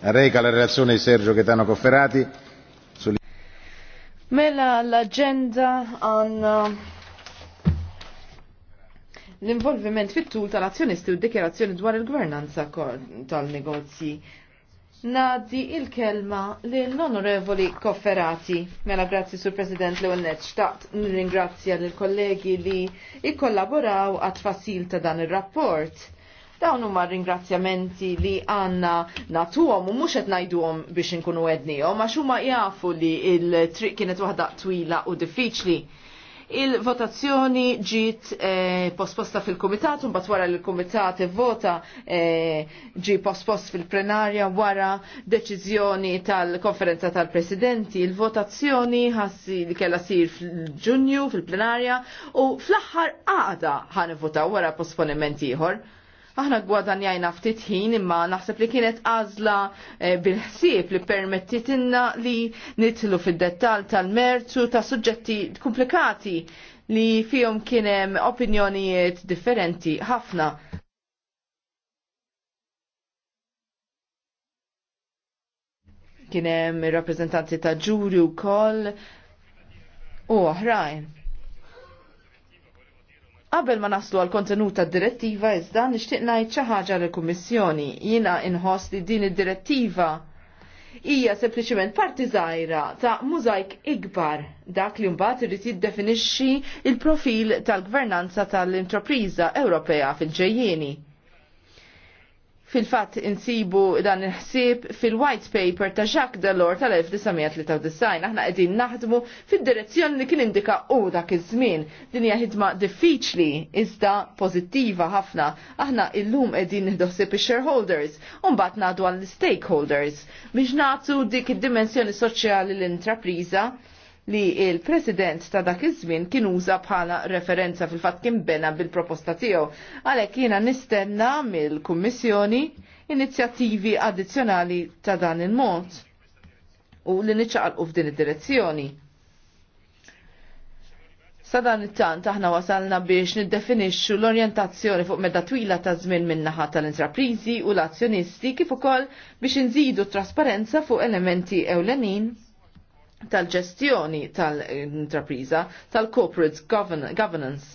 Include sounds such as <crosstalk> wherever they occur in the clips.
Reca la relazione di Sergio Chetano Cofferati. Sul... Mela l-agenda għanna uh, l-involviment fit-tul tal-azzjonisti u d-dikjerazzjoni dwar il-gvernanza tal-negozji. Nadi il-kelma l-onorevoli Kofferati. Mela grazzi sur President Leonet xtaqt nirringrazzja l-kollegi li ikkollaboraw għat fasil ta' dan il-rapport Dawn huma ringrazzjamenti li għanna natuhom u mhux qed ngħiduhom biex inkunu għednihom għax huma jafu li il-triq kienet waħda twila u diffiċli. Il-votazzjoni ġiet eh, posposta fil-komitat, un wara li l-komitat vota eh, ġi pospost fil-plenarja wara deċizjoni tal-konferenza tal-presidenti. Il-votazzjoni ħassi li kella sir fil-ġunju fil-plenarja u fl-axħar għada ħan vota wara posponiment ieħor. Aħna gwadanjajna ftit ħin imma naħseb li kienet għażla eh, bil-ħsieb li permettitinna li nitlu fid-dettal tal-merzu ta' suġġetti komplikati li fihom kien hemm opinjonijiet differenti ħafna. Kien hemm rappreżentanti ta' ġuri wkoll u oħrajn. Qabel ma naslu għal kontenut tad direttiva iżda nixtieq ngħid xi ħaġa lill kummissjoni Jiena inħoss li din id-direttiva hija sempliċement parti żgħira ta' mużajk ikbar dak li mbagħad irid jiddefinixxi il-profil tal-gvernanza tal-intrapriża Ewropea fil-ġejjieni. Fil-fatt insibu dan il-ħsieb fil-white paper ta' Jacques Delors tal-1993. Aħna qegħdin naħdmu fid-direzzjoni li kien indika u dak iż-żmien. Din hija ħidma diffiċli iżda pożittiva ħafna. Aħna illum qegħdin nieħdoħsib ix-shareholders u mbagħad ngħadu għall-stakeholders biex nagħtu dik id-dimensjoni soċjali l-intrapriża li il-president ta' dak iż-żmien kien uża bħala referenza fil-fatt kien bena bil-proposta tiegħu. Għalhekk jiena nistenna mill-Kummissjoni inizjattivi addizzjonali ta' dan il-mod u li niċċaqalqu f'din id-direzzjoni. Sa dan it-tant aħna wasalna biex niddefinixxu l-orjentazzjoni fuq medda twila ta' żmien min-naħa tal-intraprizi u l-azzjonisti kif ukoll biex inżidu trasparenza fuq elementi ewlenin tal-ġestjoni tal-intrapriża, tal-corporate governance.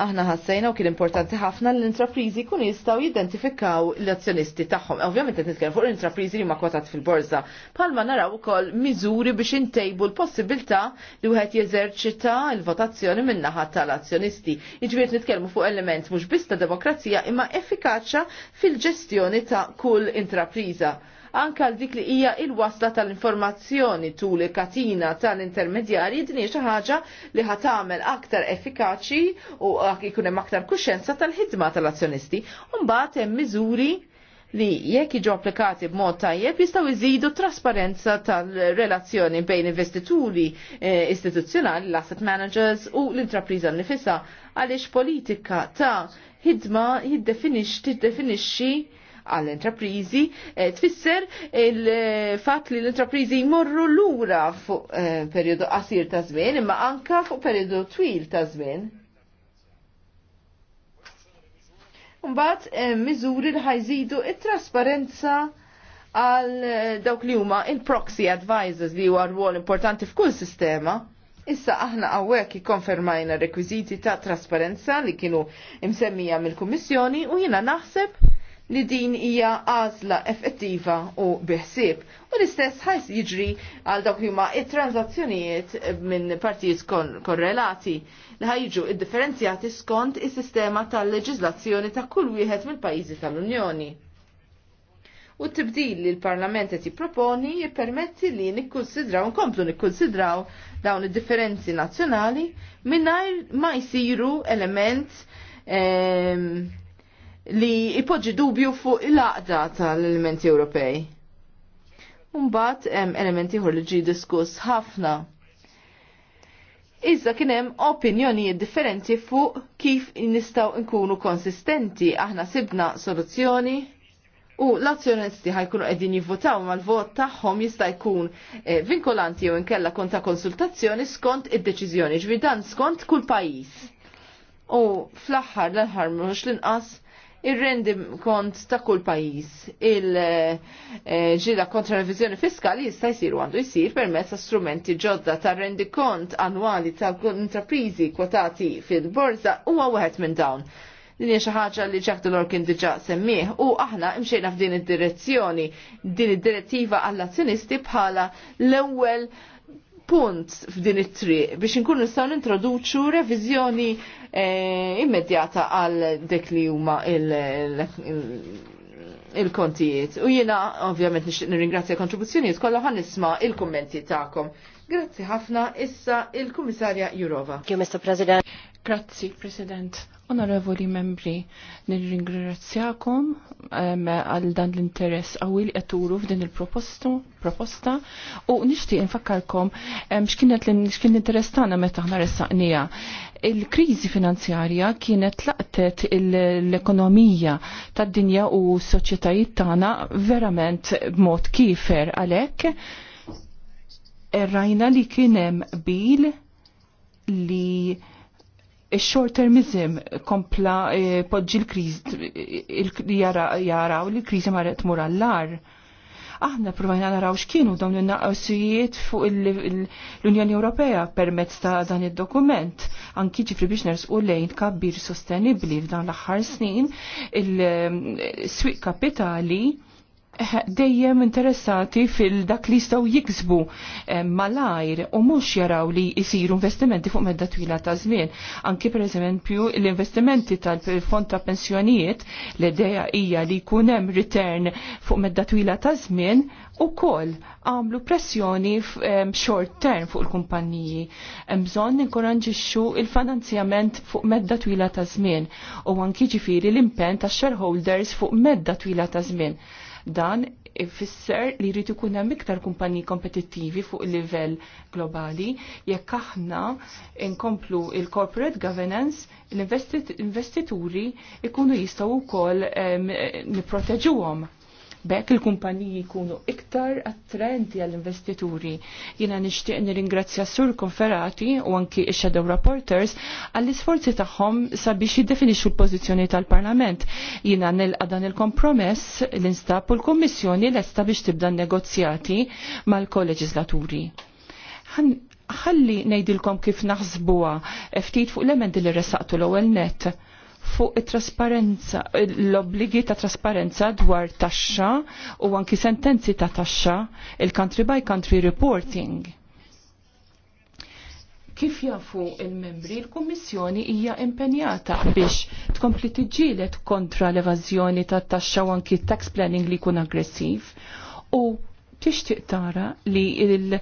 Aħna ħassajna u kien importanti ħafna l intrapriżi kun jistgħu jidentifikaw l-azzjonisti tagħhom. Ovvjament qed nitkellem fuq l-intrapriżi li ma kwotat fil-borża. Palma naraw ukoll miżuri biex intejbu l-possibilità li wieħed jeżerċita l-votazzjoni min-naħa tal-azzjonisti. Jiġifieri nitkellmu fuq element mhux biss ta' demokrazija imma effikaċja fil-ġestjoni ta' kull intrapriża anka għal dik li hija il-wasla tal-informazzjoni tul il-katina tal-intermedjari din xi ħaġa li ħatamel aktar effikaċi u jkun hemm aktar kuxenza tal-ħidma tal-azzjonisti. Mbagħad hemm miżuri li jekk iġu applikati b'mod tajjeb jistgħu jżidu trasparenza tal-relazzjoni bejn investituri eh, istituzzjonali, l-asset managers u l-intrapriża nifisa għaliex politika ta' ħidma jiddefinixxi għall-intraprizi eh, tfisser il-fat li l-intraprizi jmorru lura fuq eh, periodu qasir ta' żmien imma anka fuq periodu twil ta' żmien. Mbagħad eh, miżuri li ħajżidu it-trasparenza għal dawk li huma il-proxy advisors li huwa rwol importanti f'kull sistema. Issa aħna għawek konfermajna rekwiziti ta' trasparenza li kienu imsemmija mill-Kummissjoni u jina naħseb li din hija għażla effettiva u biħsib. U l-istess ħajs jiġri għal dawk li huma it-transazzjonijiet minn partijiet korrelati li ħajġu id-differenzjati skont is-sistema tal-leġiżlazzjoni ta' kull wieħed mill-pajjiżi tal-Unjoni. U t-tibdil li l-Parlament qed jipproponi jippermetti li nikkunsidraw nkomplu nikkunsidraw dawn id-differenzi nazzjonali mingħajr ma jsiru element ehm, li ipoġġi dubju fuq il laqda tal-elementi Ewropej. Umbat hemm elementi ħor li ġi diskuss ħafna. Iżda kien hemm opinjonijiet differenti fuq kif nistgħu nkunu konsistenti aħna sibna soluzzjoni u l-azzjonisti ħajkunu qegħdin jivvotaw mal-vot tagħhom jista' jkun eh, vinkolanti jew inkella kont ta' konsultazzjoni skont id-deċiżjoni ġbir skont kull pajjiż. U fl-aħħar l-aħħar mhux l-inqas ir-rendi kont ta' kull pajis. Il-ġida kontra revizjoni fiskali jista' jisir għandu jisir permezz ta' strumenti ġodda ta' rendi kont annwali ta' intrapriżi kwotati fil-borza huwa wieħed minn dawn. Din hija xi ħaġa li Jack Delor kien diġà semmih u aħna mxejna f'din id-direzzjoni din id-direttiva għall-azzjonisti bħala l-ewwel punt f'din it-triq biex inkunu nistgħu nintroduċu reviżjoni eh, immedjata għal dek li huma il-kontijiet. U jiena ovvjament nixtieq nirringrazzja kontribuzzjonijiet kollha ħan nisma' il-kummenti tagħkom. Grazzi ħafna issa il-Kummissarja Jurova. Thank you, Mr. President. Grazzi, President. Onorevoli membri, nirringrazzjakom ehm, għal dan l-interess għawil għaturu f'din il-proposta u nishti infakkarkom ehm, xkienet l-interess tana meta ħna ressaqnija. Il-krizi finanzjarja kienet laqtet l-ekonomija tad dinja u s-soċjetajiet tana verament b'mod kifer għalek. Rajna li kienem bil li il-short termism kompla eh, podġi l-kriz jaraw li l-kriz ma tmur għallar. Aħna provajna naraw x'kienu dawn il-naqsijiet fuq l-Unjoni Ewropea permezz ta' dan id-dokument. Anki ġifri biex nersqu lejn kabbir sostenibli f'dan l-aħħar snin il eh, swik kapitali dejjem interessati fil-dak li jistaw jiksbu eh, malajr u mux jaraw li jisiru investimenti fuq medda twila ta' żmien. Anki per eżempju l-investimenti tal-fond ta' pensjonijiet l-ideja hija li jkun hemm return fuq medda twila ta' żmien u koll għamlu pressjoni eh, short term fuq il-kumpanniji. Mżon inkoranġixxu il-finanzjament fuq medda twila ta' żmien u anki ġifiri l-impen ta' shareholders fuq medda twila ta' żmien Dan ifisser li jrid ikun hemm iktar kumpaniji kompetittivi fuq livell globali jekk aħna inkomplu il-corporate governance l-investituri ikunu jistgħu wkoll nipproteġuhom. Um, Bekk il-kumpaniji jkunu iktar attrenti għall-investituri. Jina nixtieq nirringrazzja Sur Konferati u anki ix-Shadow Reporters għall-isforzi tagħhom sabiex jiddefinixxu l-pożizzjoni tal-Parlament. Jina nilqa dan il-kompromess l-instab u l-Kummissjoni lesta biex tibda negozjati mal-koleġislaturi ħalli nejdilkom kif naħsbuha ftit fuq l-emendi li resaqtu l-ewwel net fuq it-trasparenza, l-obbligi ta' trasparenza dwar taxxa u anki sentenzi ta' taxxa, il-country by country reporting. Kif jafu il-membri, il-Kummissjoni hija impenjata biex tkompli tiġielet kontra l-evażjoni ta' taxxa u anki tax planning li jkun aggressiv u tixtieq tara li il-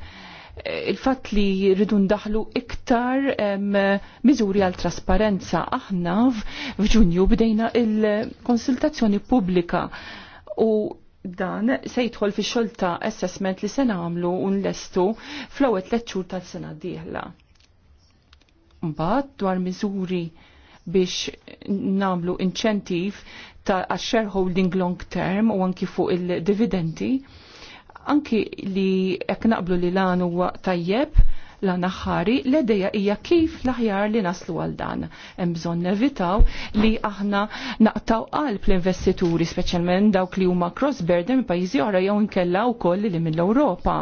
il-fatt li rridu ndaħlu iktar miżuri għal trasparenza. Aħna f'Ġunju bdejna il-konsultazzjoni pubblika u dan se jidħol fi xolta assessment li se nagħmlu u nlestu fl-ewwel tliet xhur tal-sena d-dieħla. Mbagħad dwar miżuri biex namlu inċentiv ta' shareholding long term u anki fuq il-dividendi Anki li jekk naqblu li lan huwa tajjeb, lan aħħari, l-edeja hija kif l-aħjar li naslu għal dan. Hemm bżonn nevitaw li aħna naqtaw qalb l-investituri, speċjalment dawk li huma cross-border minn pajjiżi oħra jew inkella wkoll li mill-Ewropa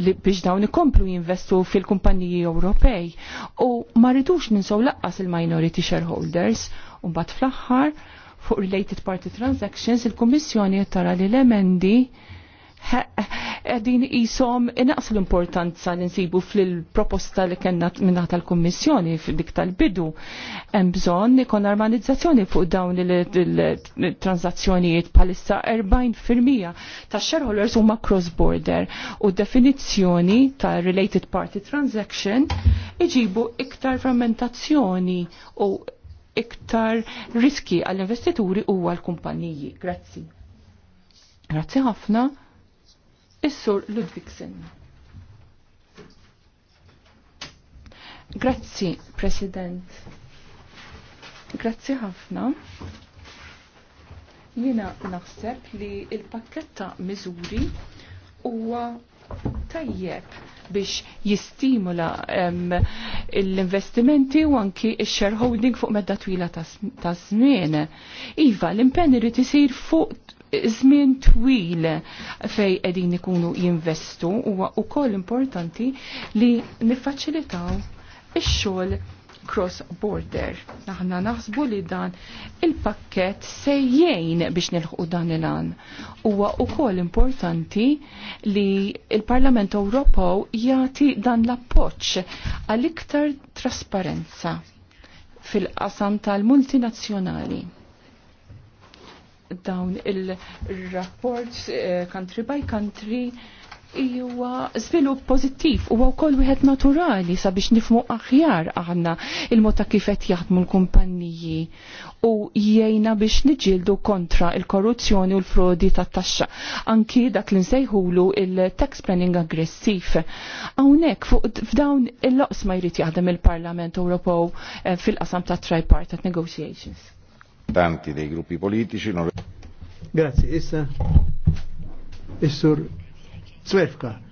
li biex dawn ikomplu jinvestu fil-kumpaniji Ewropej. U ma rridux ninsaw laqqas il-minority shareholders, u mbagħad fl-aħħar fuq related party transactions il-Kummissjoni tara li l-emendi din jisom inaqs l-importanza li nsibu fil-proposta li kena minna tal-Kommissjoni dik tal-bidu. Mbżon ikon armanizzazzjoni fuq dawn il-transazzjonijiet palissa 40% ta' shareholders huma cross-border u definizzjoni ta' related party transaction iġibu iktar frammentazzjoni u iktar riski għall-investituri u għall-kumpaniji. Grazzi. Grazzi ħafna. Is-sur Ludwigsen. Grazzi, President. Grazzi ħafna. Jiena naħseb li il-pakketta miżuri huwa tajjeb biex jistimula l-investimenti u anki shareholding fuq medda twila ta' żmien. Iva, l impenni irid isir fuq zmin twil fej qegħdin ikunu jinvestu huwa wkoll importanti li niffaċilitaw ix-xogħol cross border. Aħna naħsbu li dan il-pakket sejjejn biex nilħu dan il-għan. Huwa ukoll importanti li il-Parlament Ewropew jagħti dan l-appoġġ għal iktar trasparenza fil-qasam tal-multinazzjonali dawn il-rapports eh, country by country Iwa svilup pozittif u wkoll wieħed naturali sabiex nifmu aħjar aħna il mota kifet kif qed jaħdmu l-kumpanniji u jgħinna biex nġildu kontra il-korruzzjoni u l-frodi tat taxxa anki dak li nsejħulu il-tax planning aggressiv. Hawnhekk fuq f'dawn il-loqs ma jrid jaħdem il-Parlament Ewropew eh, fil-qasam ta' tripartite negotiations tanti dei gruppi politici. Non... Grazie, issa. Issur Zwerfka.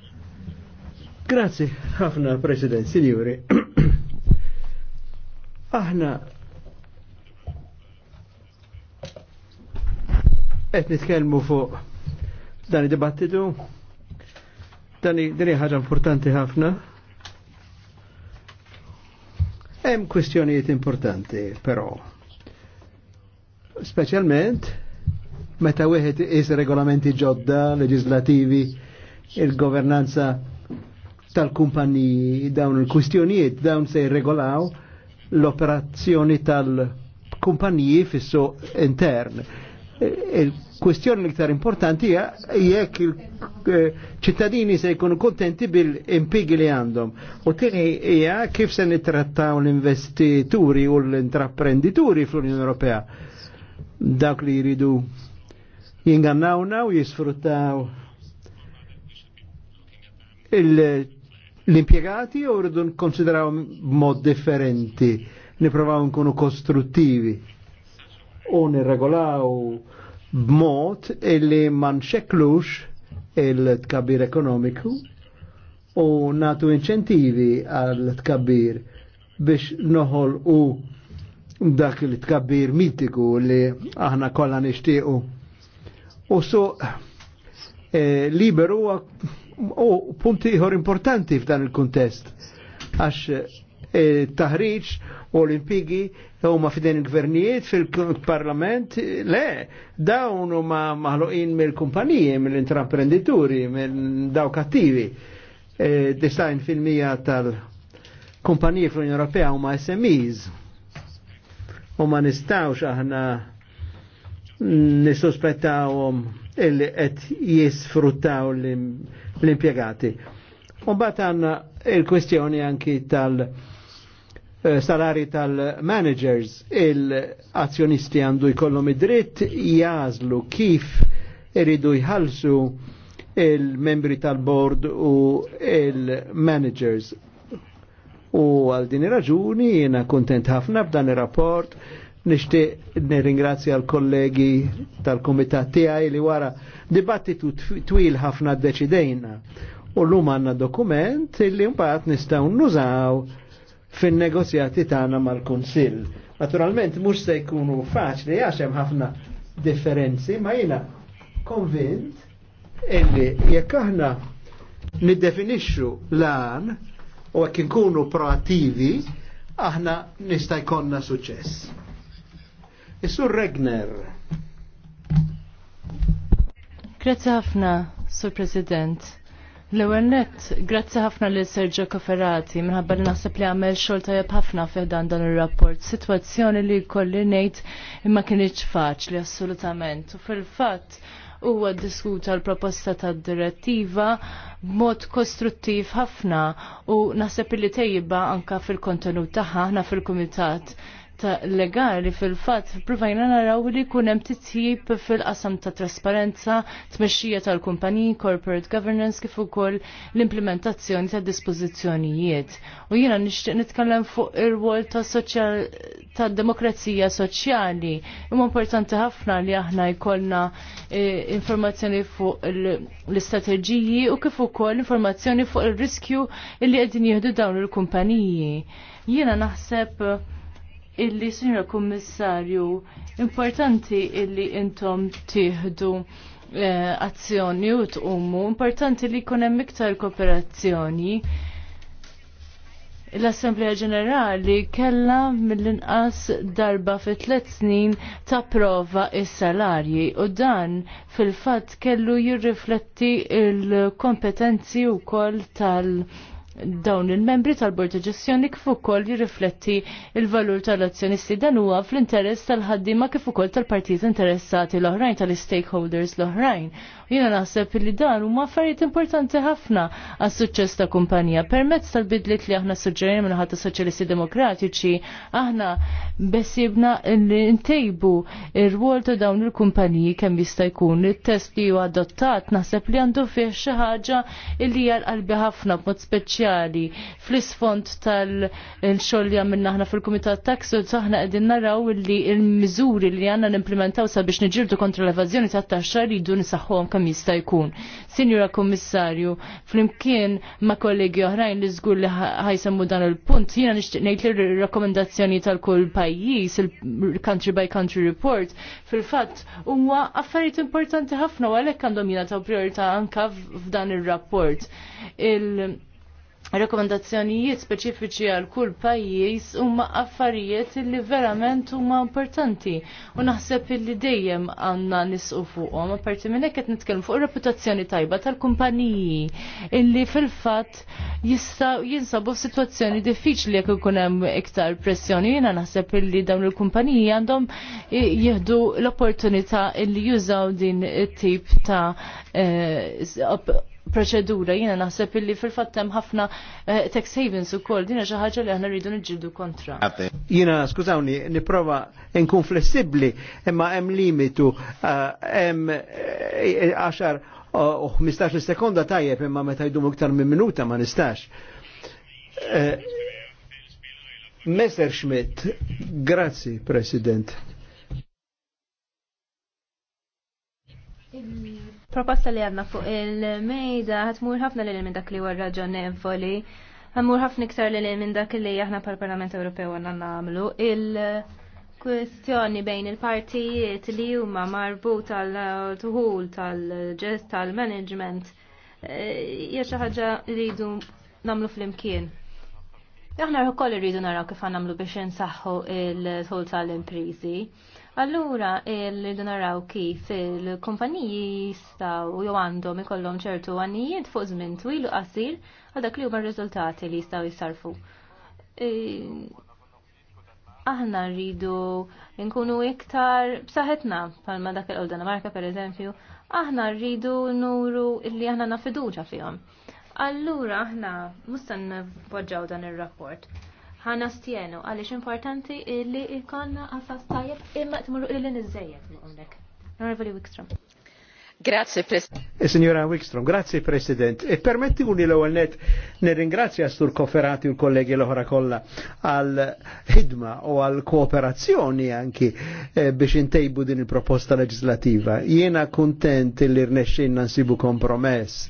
Grazie, ħafna Presidente, signori. <clears throat> Aħna qed nitkellmu fuq dan id-dibattitu dan din ħaġa importanti ħafna. Hemm kwistjonijiet importanti, però specialment meta wieħed is regolamenti ġodda, leġislativi, il-governanza tal-kumpaniji, dawn il-kwistjonijiet, dawn se jirregolaw l-operazzjoni tal-kumpaniji fissu intern. Il-kwistjoni l-iktar importanti hija jekk il-ċittadini se jkunu kontenti bil-impigi li għandhom. U tieni hija kif se nittrattaw l-investituri u l intraprenditori fl-Unjoni Ewropea dak li jridu jingannawna u jisfruttaw l-impiegati u rridu konsideraw mod differenti, niprofaw nkunu kostruttivi u nirregolaw b'mod illi man xeklux il-tkabbir ekonomiku u natu inċentivi għal-tkabbir biex noħol u dak li tkabbir mitiku li aħna kollha nixtiequ. U so eh, liberu u punti ieħor importanti f'dan il-kuntest għax eh, taħriġ u l-impigi huma fidejn il-gvernijiet fil-parlament, le, dawn huma maħluqin mill-kumpaniji, mill-intraprenditori, mill daw kattivi. Eh, design fil-mija tal-kumpaniji fl-Unjoni Ewropea huma SMEs u ma nistawx aħna nisospettawhom illi qed jisfruttaw l-impjegati. U mbagħad għandna l kwestjoni anki tal- eh, salari tal-managers, il-azzjonisti għandu jkollhom id-dritt jażlu kif iridu jħalsu il-membri tal-board u il-managers. U għal din raġuni jiena kontent ħafna b'dan ir-rapport nishtiq nirringrazzja l-kollegi tal-komitat tiegħi li wara dibattitu twil ħafna deċidejna. U l-lum għanna dokument li mbagħad nistgħu nużaw fin-negozjati tagħna mal-Kunsill. Naturalment mhux se jkunu faċli għax hemm ħafna differenzi, ma jiena konvint illi jekk aħna niddefinixxu lan u għek nkunu proattivi, aħna nista' jkollna suċess. Isur Regner. Grazzi ħafna, Sur President. L-ewwel nett, grazzi ħafna lil Sergio Koferati minħabba li naħseb li għamel xogħol tajjeb ħafna fiħdan dan ir-rapport. Sitwazzjoni li jkolli ngħid imma kienx faċli assolutament. U fil-fatt huwa ddiskuta l-proposta tad-direttiva b'mod kostruttiv ħafna u naħseb li tejba anka fil-kontenut tagħha ħafna fil-kumitat legali fil fat provajna naraw li kunem hemm titjib fil-qasam ta' trasparenza, tmexxija tal-kumpaniji, corporate governance kif ukoll l-implementazzjoni ta' dispożizzjonijiet. U jiena nixtieq nitkellem fuq ir wol ta' soċjal ta' demokrazija soċjali. Imma importanti ħafna li aħna jkollna e, informazzjoni fuq l-istrateġiji u kif ukoll informazzjoni fuq ir-riskju li qegħdin jieħdu dawn il-kumpaniji. Jiena naħseb illi sinjor kummissarju importanti illi intom eh, azzjoni u tqumu, importanti li jkun hemm iktar kooperazzjoni. L-Assemblea Ġenerali kellha mill-inqas darba fi tliet snin ta' prova is-salarji u dan fil-fatt kellu jirrifletti il-kompetenzi wkoll tal- dawn il-membri tal-Bord ta' Ġestjoni kif ukoll jirrifletti il-valur tal-azzjonisti dan huwa fl-interess tal-ħaddiema kif ukoll tal partit interessati l-oħrajn tal-stakeholders l-oħrajn. Jiena naħseb li dan huma affarijiet importanti ħafna għas suċċess ta' kumpanija. Permezz tal-bidliet li aħna suġġerejna minn ħadd soċjalisti demokratiċi, aħna besibna li ntejbu ir-rwol ta' dawn il-kumpaniji kemm jista' jkun. it test li huwa adottat naħseb li għandu fih xi ħaġa li hija l-qalbi ħafna b'mod speċjali soċjali. Fl-isfond tal-xogħol li għamilna aħna fil-Kumitat Taxu aħna qegħdin naraw li l-miżuri li għandna nimplementaw sabiex niġirdu kontra l-evażjoni tat-taxxa jridu nisaħħuhom kemm jista' jkun. Sinjura Kummissarju, flimkien ma' kollegi oħrajn li żgur li ħajsemmu dan il-punt, jiena nixtieq ngħid li rakkomendazzjoni tal-kull pajjiż, il-country by country report, fil-fatt huwa affarijiet importanti ħafna u għalhekk għandhom jingħataw priorità anke f'dan ir-rapport. Il rekomendazzjonijiet speċifiċi għal kull pajjiż huma affarijiet li verament huma importanti u naħseb li dejjem għandna nisqu fuqhom. Apparti minn hekk qed nitkellmu fuq reputazzjoni tajba tal-kumpaniji illi fil-fatt jista' jinsabu f'sitwazzjoni diffiċli jekk ikun hemm iktar pressjoni. Jiena naħseb illi dawn il-kumpaniji għandhom jieħdu l-opportunità illi jużaw din it-tip ta' Eh, proċedura jiena naħseb illi fil-fattem ħafna eh, tax havens u koll dina xi ħaġa li aħna rridu niġġieldu kontra. Jiena skużawni nipprova nkun flessibbli imma hemm limitu eh, hemm 10 u 15 sekonda tajjeb imma meta jdum iktar minn minuta ma nistax. Messer Schmidt, grazzi President. Mm proposta li għanna fuq il-mejda għatmur ħafna li minn dak li għarra voli, ħamur ħafna iktar li minn dak li aħna par Parlament Ewropew għanna namlu. Il-kwestjoni bejn il-partijiet li huma marbut tal-tuħul tal-ġest tal-management eh, hija xi ħaġa namlu fl-imkien. rħu koll irridu naraw kif għanamlu biex insaħħu il-tħul tal-imprizi. Allura, eh, il-ridu naraw kif il-kumpaniji jistaw jew għandhom ikollhom ċertu għannijiet fuq żmien twil u qasir għal dak li huma r-riżultati li jistaw jisarfu. Eh, aħna rridu nkunu iktar b'saħetna bħalma dak il Danimarka pereżempju, aħna rridu nuru illi aħna nafiduġa fihom. Allura aħna mustan poġġaw dan ir-rapport ħana stjenu għalix importanti li ikonna għafas tajjeb imma t-murru illi nizzejjed mgħumlek. Onorevoli Wikstrom. Grazie Presidente. signora Wikstrom, grazie President. E permetti uni l-ewwel net nirringrazzja Sur Koferati u kollegi l-oħra kollha għal HIDMA o għal kooperazzjoni anki eh, biex intejbu din il-proposta legislativa. Jiena kuntent li rnexxinna nsibu kompromess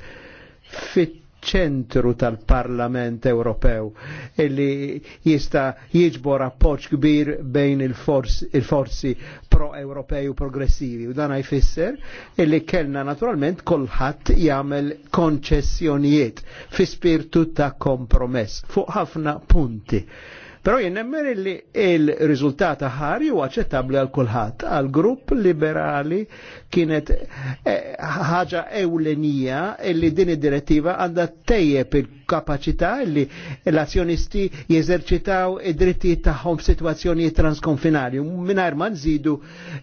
fit ċentru tal-Parlament Ewropew illi jista jiġbor appoġġ kbir bejn il-forzi il pro-Ewropej u progressivi. U dan jfisser illi kellna naturalment kolħadd jagħmel konċessjonijiet fi spirtu ta' kompromess fuq ħafna punti Però jien li il rizultat ħari u għacċettabli għal kulħat Għal grupp liberali kienet eh, ħaġa ewlenija illi din id-direttiva għanda tejjeb il kapacità li l-azzjonisti jeżerċitaw id-drittijiet tagħhom f'sitwazzjonijiet transkonfinali mingħajr ma nżidu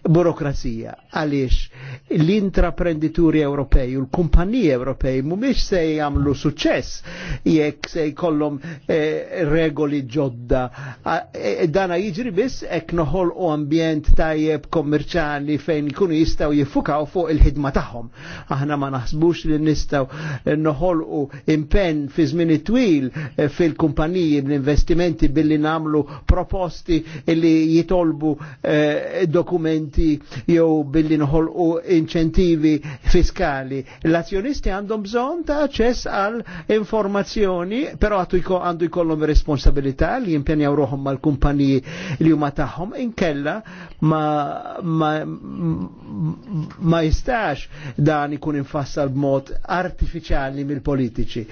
burokrazija. Għaliex l-intraprendituri Ewropej u l-kumpaniji Ewropej mhumiex se jagħmlu suċċess jekk se jkollhom eh, regoli ġodda. E, e, dana jiġri biss hekk noħolqu ambjent tajjeb kommerċjali fejn ikunu jistgħu jiffukaw fuq il-ħidma tagħhom. Aħna ma naħsbux li nistgħu noħolqu impenn fi żmien żmien twil eh, fil-kumpaniji bl-investimenti billi namlu proposti li jitolbu eh, dokumenti jew billi nħolqu inċentivi fiskali. L-azzjonisti għandhom bżon ta' ċess għal informazzjoni, però għandu jkollhom responsabilità li jimpenjaw ruħom mal-kumpaniji li huma tagħhom inkella ma, ma, ma jistax dan ikun infassal b'mod artificiali mill-politiċi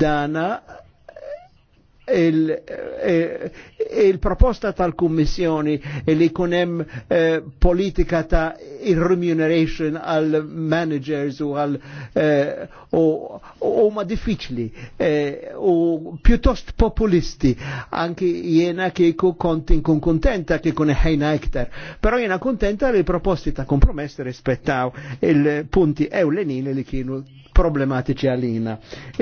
dana il-proposta il eh, tal-Kummissjoni li kunem eh, politika ta' il-remuneration għal-managers u għal eh, u ma diffiċli eh, u piuttost populisti anki jena kieku kontin kun kontenta kieku neħajna iktar pero jena kontenta li proposti ta' kompromess rispettaw il-punti l-enini li kienu problematiċi għalina.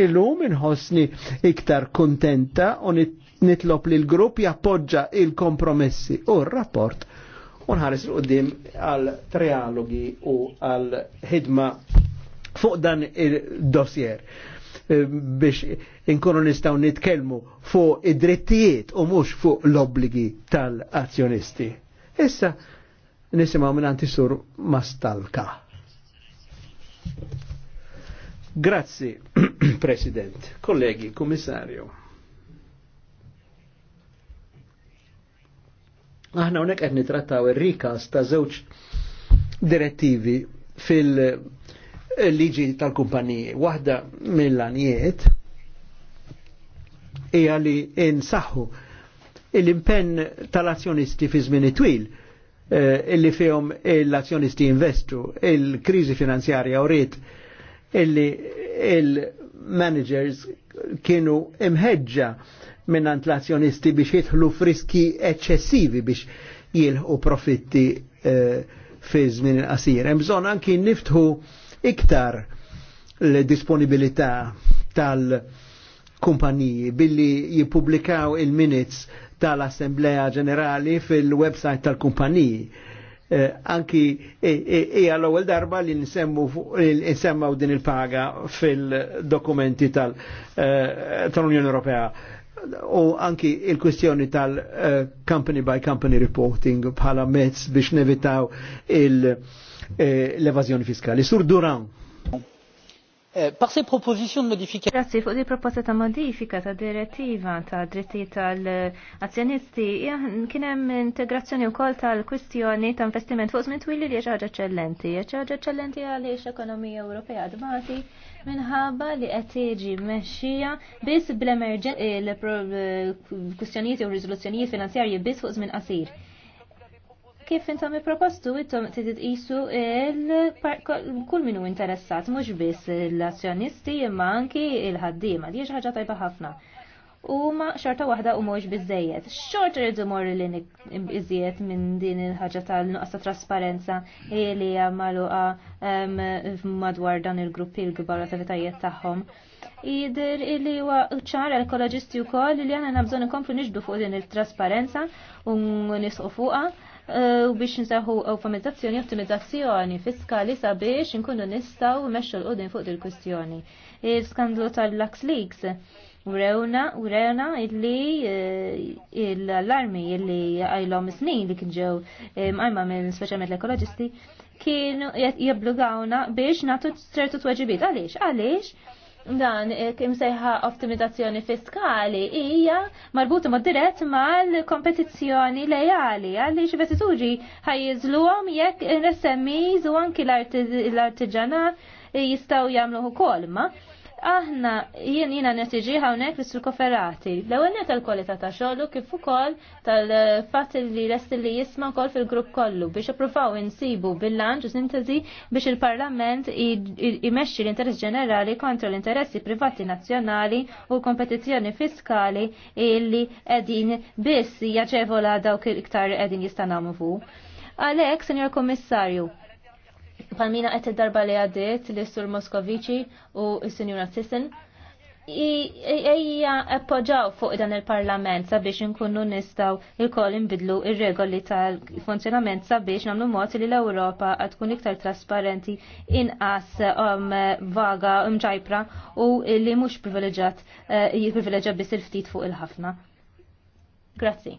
Illum inħossni iktar kontenta u nitlob li l-grupp jappoġġa il-kompromessi u r-rapport u nħares l-qoddim għal trialogi u għal ħidma fuq dan il-dossier eh, biex inkunu nistaw nitkelmu fuq id-drittijiet u mux fuq l-obligi tal-azzjonisti. Issa nisimaw minn antisur Mastalka. Grazzi, <clears throat> President, kollegi, Kommissario. Aħna unek qed nitrattaw il rikas ta' żewġ direttivi fil-liġi tal-kumpaniji. Waħda mill-anijiet hija li insaħħu l-impenn tal-azzjonisti fi żmien twil eh, illi fihom l-azzjonisti investu il-kriżi finanzjarja u rrit illi il-managers kienu imħedġa minnant l-azzjonisti biex jitħlu friski eccessivi biex jilħu profitti eh, fi żmien qasir. Hemm bżonn anki niftħu iktar l-disponibilità tal-kumpaniji billi jippubblikaw il-minutes tal-Assemblea Ġenerali fil-website tal-kumpaniji. Eh, anki hija e-, eh, eh, l-ewwel darba li nsemmu nsemmaw din il-paga fil-dokumenti eh, tal-Unjoni eh, tal Ewropea u anki il-kwestjoni tal-company eh, by company reporting bħala mezz biex nevitaw eh, l-evazjoni fiskali. Sur Duran. Eh, par ces propositions de modification. Grazie, fuq di proposta ta' modifika ta' direttiva ta' dritti tal-azzjonisti, kienem integrazzjoni u kol tal-kwistjoni ta' investiment fuq żmien twili li ħaġa ċellenti. ċaġa eccellenti għaliex ekonomija Ewropea dbati minħabba li qed tiġi mexxija biss bl-kwistjonijiet eh, jew riżoluzzjonijiet finanzjarji biss fuq żmien qasir kif intom il-propostu intom trid qisu kull minu interessat mhux biss l-azzjonisti imma anki l ħaddiema li ħaġa tajba ħafna u ma xorta wahda u mux bizzejiet. Xort rridu morri li iżjiet minn din il-ħagġa tal nuqsa trasparenza li maluqa madwar dan il-gruppi l-gbar attivitajiet tagħhom. Jider li huwa ċara l-ekoloġisti wkoll li għana nabżon ikomplu nixbdu fuq din il-trasparenza u nisqu fuqa eh, u biex nsaħu eufemizzazzjoni ottimizzazzjoni fiskali sabiex nkunu nistaw meċċu l-qudin fuq il-kustjoni. Il-skandlu tal-Lux Leaks Urewna, urewna illi eh, l-allarmi illi għajlom snin li kienġew għajma eh, minn specialment l-ekoloġisti kienu jablugawna biex natu t tweġibit. Għalix, għalix, dan eh, kim sejħa optimizzazzjoni fiskali hija marbuta ma' dirett mal-kompetizzjoni lejali għalli xibetituġi ħajizluhom jekk l-SMEs u anki l-artiġana jistaw jamluħu ukoll ma' Aħna jien jiena netiġi hawnhekk li sul-koferati. L-ewwel net tal kualita ta' xollu kif ukoll tal fat li lest li jisma' wkoll fil-grupp kollu biex ippruvaw insibu bil-lanġ u sintesi biex il-Parlament imexxi l-interess ġenerali kontra l-interessi privati nazzjonali u kompetizzjoni fiskali illi qegħdin biss jaċevola dawk iktar qegħdin jistanamu fu. Għalhekk, Senjor komissarju, palmina qed id-darba li għaddiet li sur Moskovici u s-Sinjura Sissin ejja appoġaw fuq dan il-parlament sabiex inkunu nistaw il-koll imbidlu il regoli tal-funzjonament sabiex namlu mod li l-Ewropa għad tkun iktar trasparenti inqas um, vaga mġajpra u li mhux privileġġat jiprivileġat eh, biss il-ftit fuq il-ħafna. Grazzi.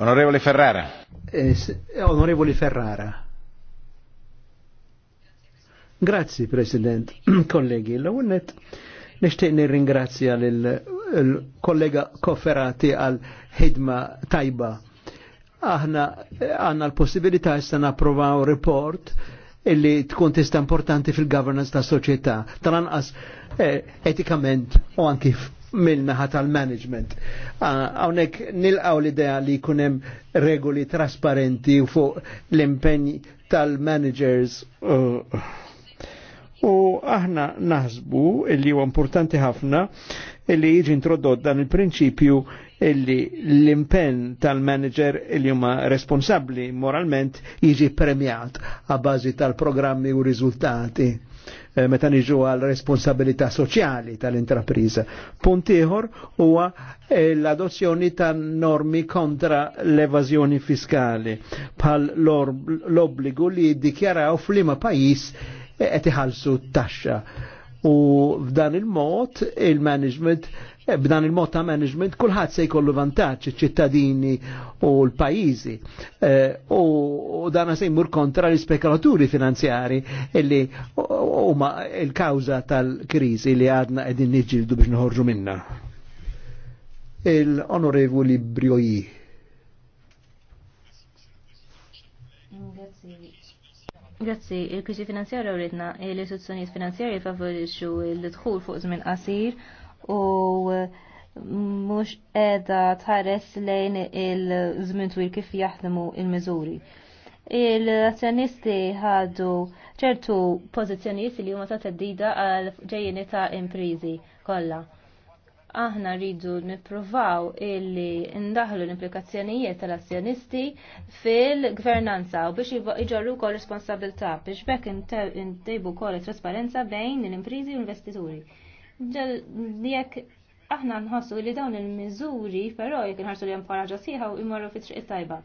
Onorevoli Ferrara. Onorevoli Ferrara. Grazie President, <clears throat> kollegi. L-għunnet, nishtiq nirringrazzja l-kollega Kofferati għal-ħidma tajba. Aħna għanna l-possibilità issa napprovaw report illi tkun tista importanti fil-governance ta' soċjetà, tal-anqas eh, etikament u anki mill-naħa tal-management. Għawnek nilqaw l-idea li kunem regoli trasparenti fuq l-impenj tal-managers. Uh, u aħna naħsbu illi huwa importanti ħafna illi jiġi introdott dan il-prinċipju illi l-impenn tal-manager illi huma responsabbli moralment jiġi premjat a bażi tal-programmi u riżultati Eh, meta niġu għal responsabilità soċjali tal-intrapriża. Punt ieħor huwa eh, l-adozzjoni ta' normi kontra l-evażjoni fiskali bħal l-obbligu li jiddikjaraw f'liema pajjiż eh, qed iħallsu t taxxa. U f'dan il-mod il-management Eh, b'dan il-mod ta' management kulħadd se jkollu vantaġġ iċ-ċittadini u l-pajjiżi. Eh, u dan se jmur kontra l-spekulaturi finanzjari illi huma il-kawża tal-kriżi li għadna qegħdin niġġieldu biex noħorġu minna. Il-Onorevoli Brioji. Grazzi, il-kriżi finanzjarja u ridna il istituzzjonijiet finanzjarji favorixxu l-dħul fuq żmien qasir u uh, mhux qiegħda tħares lejn il-żmien twil kif jaħdmu il-miżuri il-azzjonisti ħadu ċertu pozizjonijiet li huma ta' teddida għal ġejjini ta' imprizi kollha. Aħna rridu nippruvaw illi ndaħlu l-implikazzjonijiet tal-azzjonisti fil-gvernanza u biex iġorru kol responsabilità biex bekk intejbu kol trasparenza bejn l-imprizi u l-investituri jekk aħna nħossu li dawn il-miżuri, però jekk nħarsu li hemm faraġa u imorru fi triq tajba.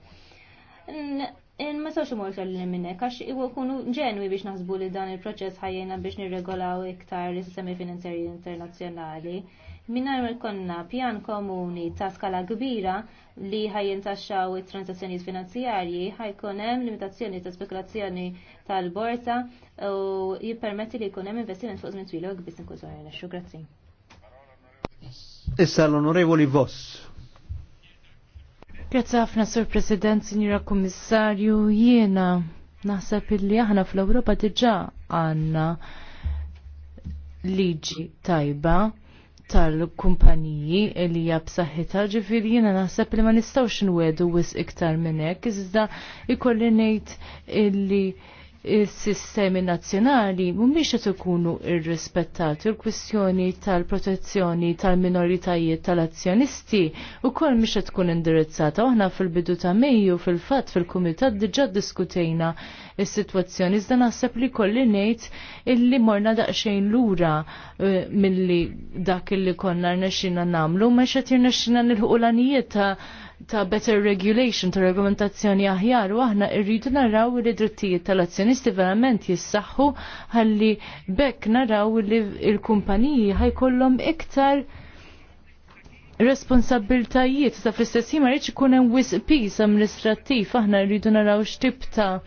Ma sawx imur kelli minnek, għax ikunu ġenwi biex naħsbu li dan il-proċess ħajjena biex nirregolaw iktar is-semi finanzjari internazzjonali. Minnar konna pjan komuni ta' skala kbira li ħajjintaxxaw it-transazzjonijiet finanzjarji ħajkun hemm limitazzjoni ta' spekulazzjoni tal-borsa u jippermetti li jkun hemm investiment fuq żmien twil biss inkun grazzi. Issa l-Onorevoli Voss. Grazie ħafna Sur President, Sinjura Kommissarju. jiena naħseb illi aħna fl-Ewropa diġà għandna liġi tajba tal-kumpaniji li hija ġifiri jina jiena naħseb li ma nistgħux nwedu wis iktar minn hekk iżda ikolli ngħid illi il-sistemi nazzjonali mhumiex qed ikunu irrispettati il-kwistjoni tal-protezzjoni tal-minoritajiet tal-azzjonisti ukoll mhix qed tkun indirizzata aħna fil-bidu ta' Mejju fil-fatt fil-kumitat diġà diskutejna is-sitwazzjoni iżda naħseb li kolli ngħid illi morna daqsxejn lura eh, milli dak illi konna rnexxina nagħmlu ma xed jirnexxina nilħuqu l-anijiet ta' ta' better regulation, ta' regolamentazzjoni aħjar, u aħna irridu naraw li drittijiet tal-azzjonisti verament jissaħħu ħalli bekk naraw li il-kumpaniji ħajkollhom iktar responsabiltajiet ta' fl-istess ma rridx ikun hemm wisq pis amministrattiv aħna rridu naraw x'tib ta'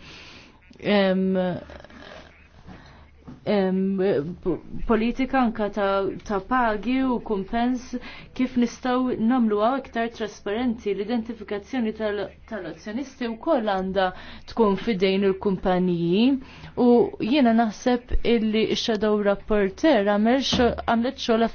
politika anka ta' pagi u kumpens kif nistaw għaw iktar trasparenti l-identifikazzjoni tal-azzjonisti u koll għanda tkun fidejn il-kumpaniji u jiena naħseb illi shadow rapporter għamlet xogħol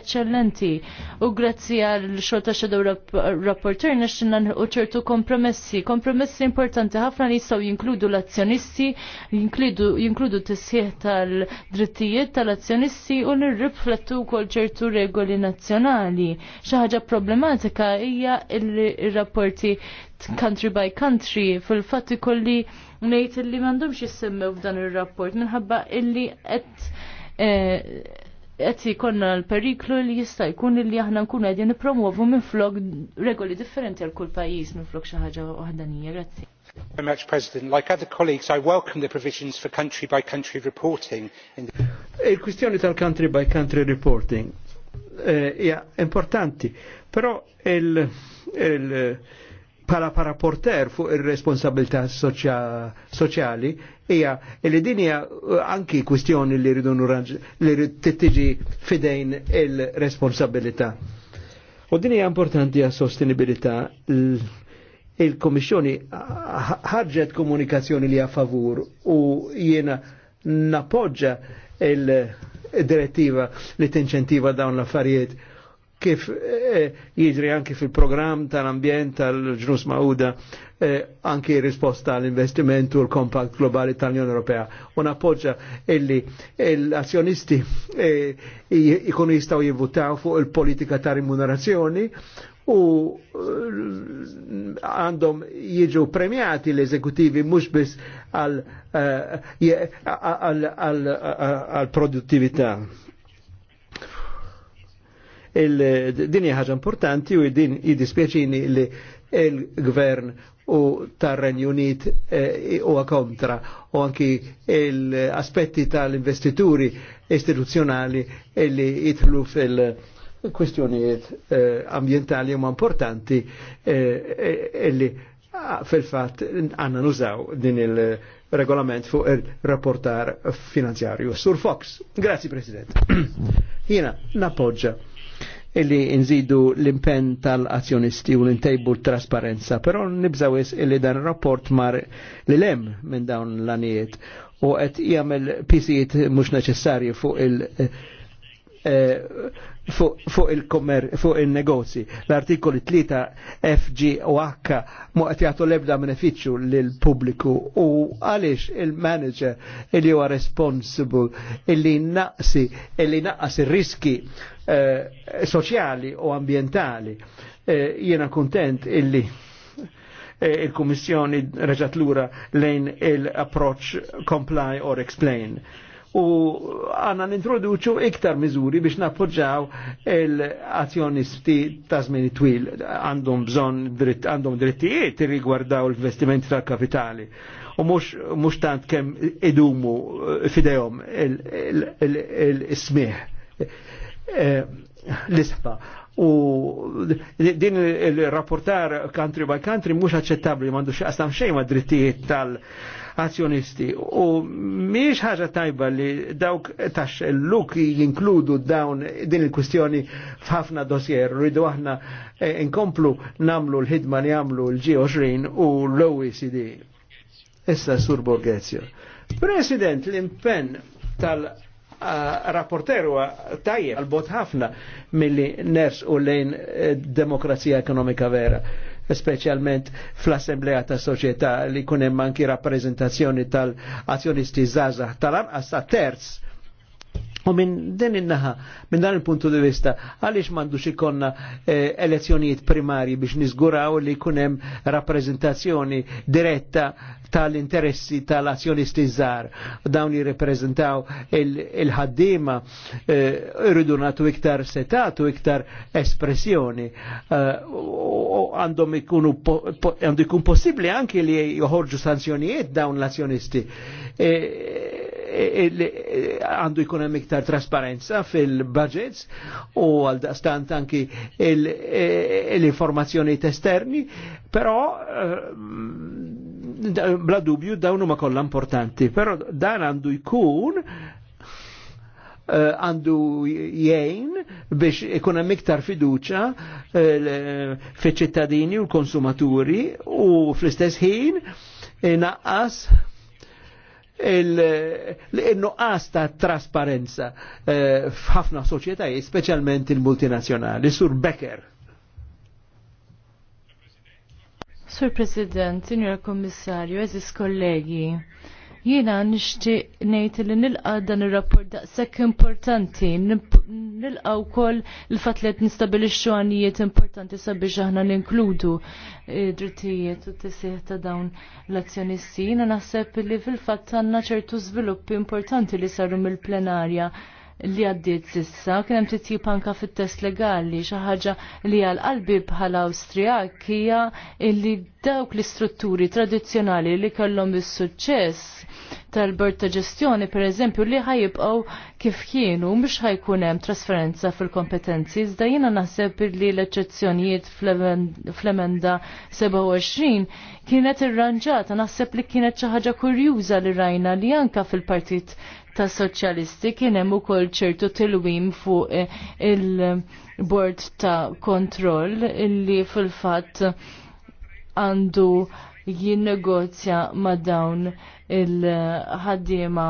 eccellenti u grazzi għal xogħol ta' shadow rapporter nexxinna nħu ċertu kompromessi. Kompromessi importanti ħafna li jistgħu jinkludu l-azzjonisti, jinkludu t tal- drittijiet tal-azzjonisti u nirriflettu wkoll ċertu regoli nazzjonali. Xi ħaġa problematika hija il-rapporti country by country fil-fatt ikolli ngħid li m'għandhomx jissemmew f'dan ir-rapport minħabba illi qed eh, qed jkollna l-periklu li jista' jkun li aħna nkunu qegħdin nippromovu minflok regoli differenti għal kull pajjiż minflok xi ħaġa waħdanija. Grazzi. Mr President, like other colleagues, I welcome the provisions for country by country reporting. Il-kwistjoni tal-country by country reporting eh, hija importanti, però il, il para paraporter fuq ir-responsabilità soċjali hija li din hija eh, anki kwistjoni li rridu li tiġi fidejn il-responsabilità. U din hija importanti għas sostenibilità il-Komissjoni ħarġet komunikazzjoni li għafavur u jiena napoġġa il-direttiva li t-inċentiva dawn l-affarijiet kif eh, jidri anki fil program tal-ambjent tal-ġnus mauda eh, anki risposta għall investimentu u l-kompakt globali tal-Unjoni Ewropea. U napoġġa illi l-azzjonisti eh, ikunu jistaw jivvutaw fuq il-politika ta' rimunerazzjoni u eh, għandhom jiġu premjati l-eżekutivi mhux biss għal eh, produttività. Din hija ħaġa importanti u din jiddispjaċini li il-gvern u tar-Renju Unit eh, huwa kontra u anki l-aspetti tal-investituri istituzzjonali li jidħlu fil- kwistjonijiet eh, ambientali ma importanti illi eh, eh, ah, fil fat għanna nużaw din il-regolament fuq il-rapportar finanzjarju. Sur Fox, grazie President. <clears throat> Jena napoġġa illi nżidu l-impen tal-azzjonisti u l-intejbu trasparenza, però nibżawis illi dan rapport mar li lem minn dawn l-anijiet u għet jgħamil pisijiet mux neċessarju fuq il- eh, eh fuq fu il-kommer, fuq il negozi. L-artikoli 3 FG u H muqat jgħatu lebda beneficju l-publiku u għalix il-manager il huwa responsible illi naqsi illi naqsi riski eh, soċjali u ambientali. Eh, jiena kontent illi eh, il kommissjoni reġat lura lejn il-approċ comply or explain u għanna nintroduċu iktar miżuri biex nappoġġaw l-azzjonisti ta' żmien twil għandhom bżonn dritt għandhom drittijiet riguardaw l-investimenti tal-kapitali u mux, tant kem idumu fidejom il-smiħ l-isħba u din il-rapportar country by country mux accettabli mandu m'għandux xaqsam xejn ma' drittijiet tal-azzjonisti. U miex ħaġa tajba li dawk tax l luk jinkludu dawn din il-kwistjoni f'ħafna dosjer rridu aħna eh, inkomplu namlu l-ħidma li għamlu l-G20 u l-OECD. Issa Sur Borgezio President, l impen tal- rapporteru tajjeb għal-bot ħafna milli ners u lejn eh, demokrazija ekonomika vera specialment fl-Assemblea ta' Soċjetà li kunem manki rappresentazzjoni tal-azzjonisti zazah tal-anqas ta' terz U minn din innaħa, minn dan il-puntu di vista, għalix mandu xikonna eh, elezzjonijiet primarji biex nizguraw li kunem rappresentazzjoni diretta tal-interessi tal-azzjonisti zzar. Dawni jirrepresentaw il-ħaddima, il eh, irridu natu iktar setatu, iktar espressjoni. Eh, għandhom eh, ikunu għandu po, ikun possibli anki li joħorġu sanzjonijiet dawn l-azzjonisti. Eh, Eh, għandu jkun hemm iktar trasparenza fil-budgets u għal daqstant anki eh, l-informazzjoni esterni, però eh, bla dubju dawn huma kollha importanti, però dan għandu jkun għandu jgħin biex ikun hemm iktar fiduċa fiċ-ċittadini u l-konsumaturi u fl-istess ħin naqqas il-nuqqas ta' trasparenza eh, f'ħafna soċjetajiet, specialment il multinazjonali Sur Becker. Sur President, Signor Kommissarju, eżis kollegi, jina nishti ngħid li nil dan ir-rapport sekk importanti, nilqaw kol il-fat li nistabilixxu għanijiet importanti sabiex aħna ninkludu drittijiet u t-tisih ta' dawn l-azzjonisti. Jina naħseb li fil-fat għanna ċertu sviluppi importanti li saru mill-plenarja li għaddiet sissa, kien hemm titjib anka fit-test legali, xi ħaġa li għal qalbi bħala Awstrijak hija li dawk l-istrutturi tradizzjonali li kellhom is-suċċess tal-bord ta' ġestjoni per eżempju li ħajibqaw kif kienu mhux ħajkun hemm trasferenza fil-kompetenzi iżda jiena naħseb li l-eċċezzjonijiet fl-emenda 27 kienet irranġata naħseb li kienet xi ħaġa kurjuża li rajna li anka fil-Partit ta' soċjalisti kien hemm ukoll ċertu tilwim fuq eh, il-bord ta' kontroll li fil-fatt għandu jinnegozja ma' dawn il-ħaddiema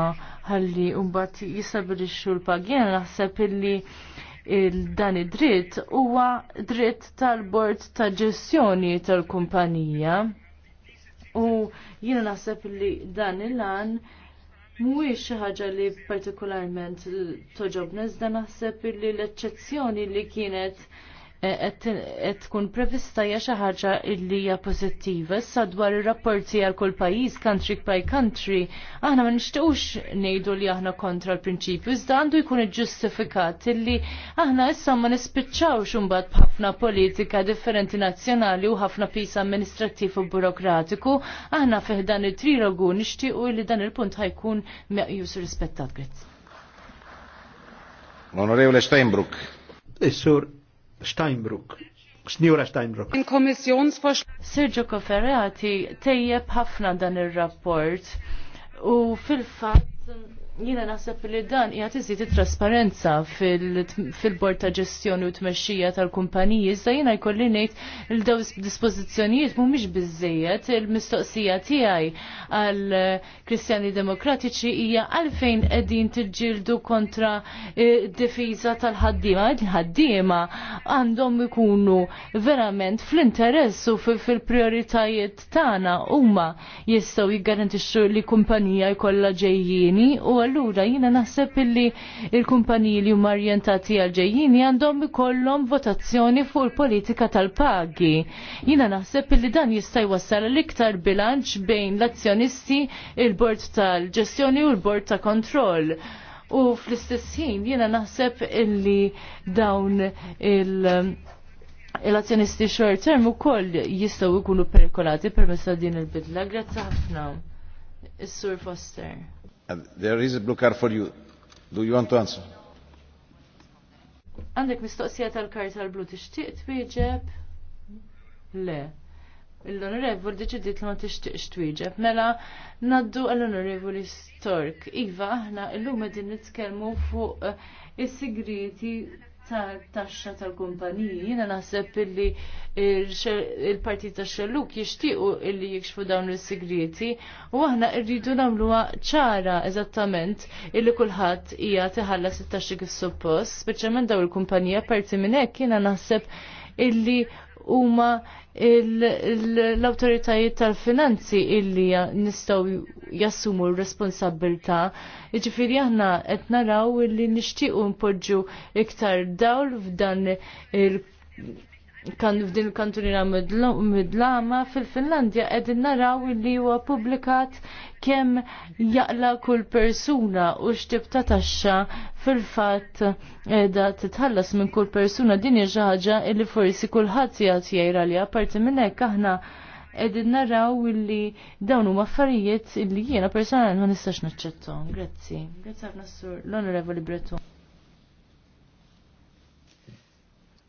ħalli mbagħad jistabilixxu l-pagjen naħseb illi dan id-dritt huwa dritt tal-bord ta' ġestjoni tal-kumpanija. U jiena naħseb li dan il-għan Mhuwiex xi ħaġa li partikolarment toġobna dan naħseb illi l-eċċezzjoni li kienet qed tkun prevista ja xi ħaġa li hija pożittiva. Issa dwar ir-rapporti għal kull pajjiż country by country, aħna ma nixtiequx ngħidu li aħna kontra l-prinċipju, iżda għandu jkun iġġustifikat illi aħna issa ma nispiċċawx imbagħad b'ħafna politika differenti nazzjonali u ħafna pis amministrattiv u burokratiku. Aħna fih dan it-trilogu nixtiequ li dan il-punt ħajkun meqjus rispettat. Grazzi. onorevole Steinbrück. Is-sur Steinbrück. Snjura Steinbruck. Sergio Koferati tejjeb ħafna dan il rapport u fil fat Jina naħseb li dan hija tiżid it-trasparenza fil-bord ta' ġestjoni u tmexxija tal-kumpaniji, iżda jiena jkolli ngħid il daw dispożizzjonijiet mhumiex biżejjed il-mistoqsija tiegħi għal Kristjani Demokratiċi hija għalfejn qegħdin tiġġieldu kontra e, difiża tal-ħaddiema. Il-ħaddiema għandhom ikunu verament fl-interess u fil-prioritajiet tagħna huma jistgħu jiggarantixxu li kumpanija jkollha ġejjieni u allura jiena naħseb illi il-kumpaniji li huma orjentati għal ġejjini għandhom ikollhom votazzjoni fuq il-politika tal-pagi. Jiena naħseb illi dan jista' jwassal l-iktar bilanċ bejn l-azzjonisti, il-bord tal-ġestjoni u l-bord ta' kontroll. U fl-istess ħin jiena naħseb illi dawn il- il azzjonisti short term u koll jistaw ikunu perikolati per din il-bidla. Grazzi ħafna. Is-Sur Foster. Uh, there is a blue card for you. Do you want to answer? Għandek mistoqsija tal-karta tal-blu tixtieq twieġeb? Le. L-onorevol deċidiet li ma Mela naddu Stork. Iva, aħna llum qegħdin nitkellmu fuq eh, is-sigriti tal-taxxa tal-kumpaniji, jiena naħseb illi il-partit ta' xelluk jixtiequ illi jikxfu dawn is-sigreti u aħna rridu nagħmluha ċara eżattament illi kulħadd hija tiħallas it-taxxi kif suppost, speċjalment dawn il-kumpanija parti minn hekk jiena naħseb illi huma l-autoritajiet tal-finanzi illi nistaw jassumu r-responsabilta. Iġifiri aħna qed naraw illi nixtiequ npoġġu iktar dawl f'dan il- kan f'din il kanturina midlama fil-Finlandja qegħdin naraw li huwa publikat kemm jaqla kull persuna u x'tib ta' taxxa fil-fatt edha titħallas minn kull persuna din hija xi ħaġa li forsi kulħadd jagħti jgħid li apparti minn hekk aħna edin naraw illi dawn huma affarijiet illi jiena personali ma nistax naċċettom. Grazzi. Grazzi għafna sur l-Onorevoli Breton.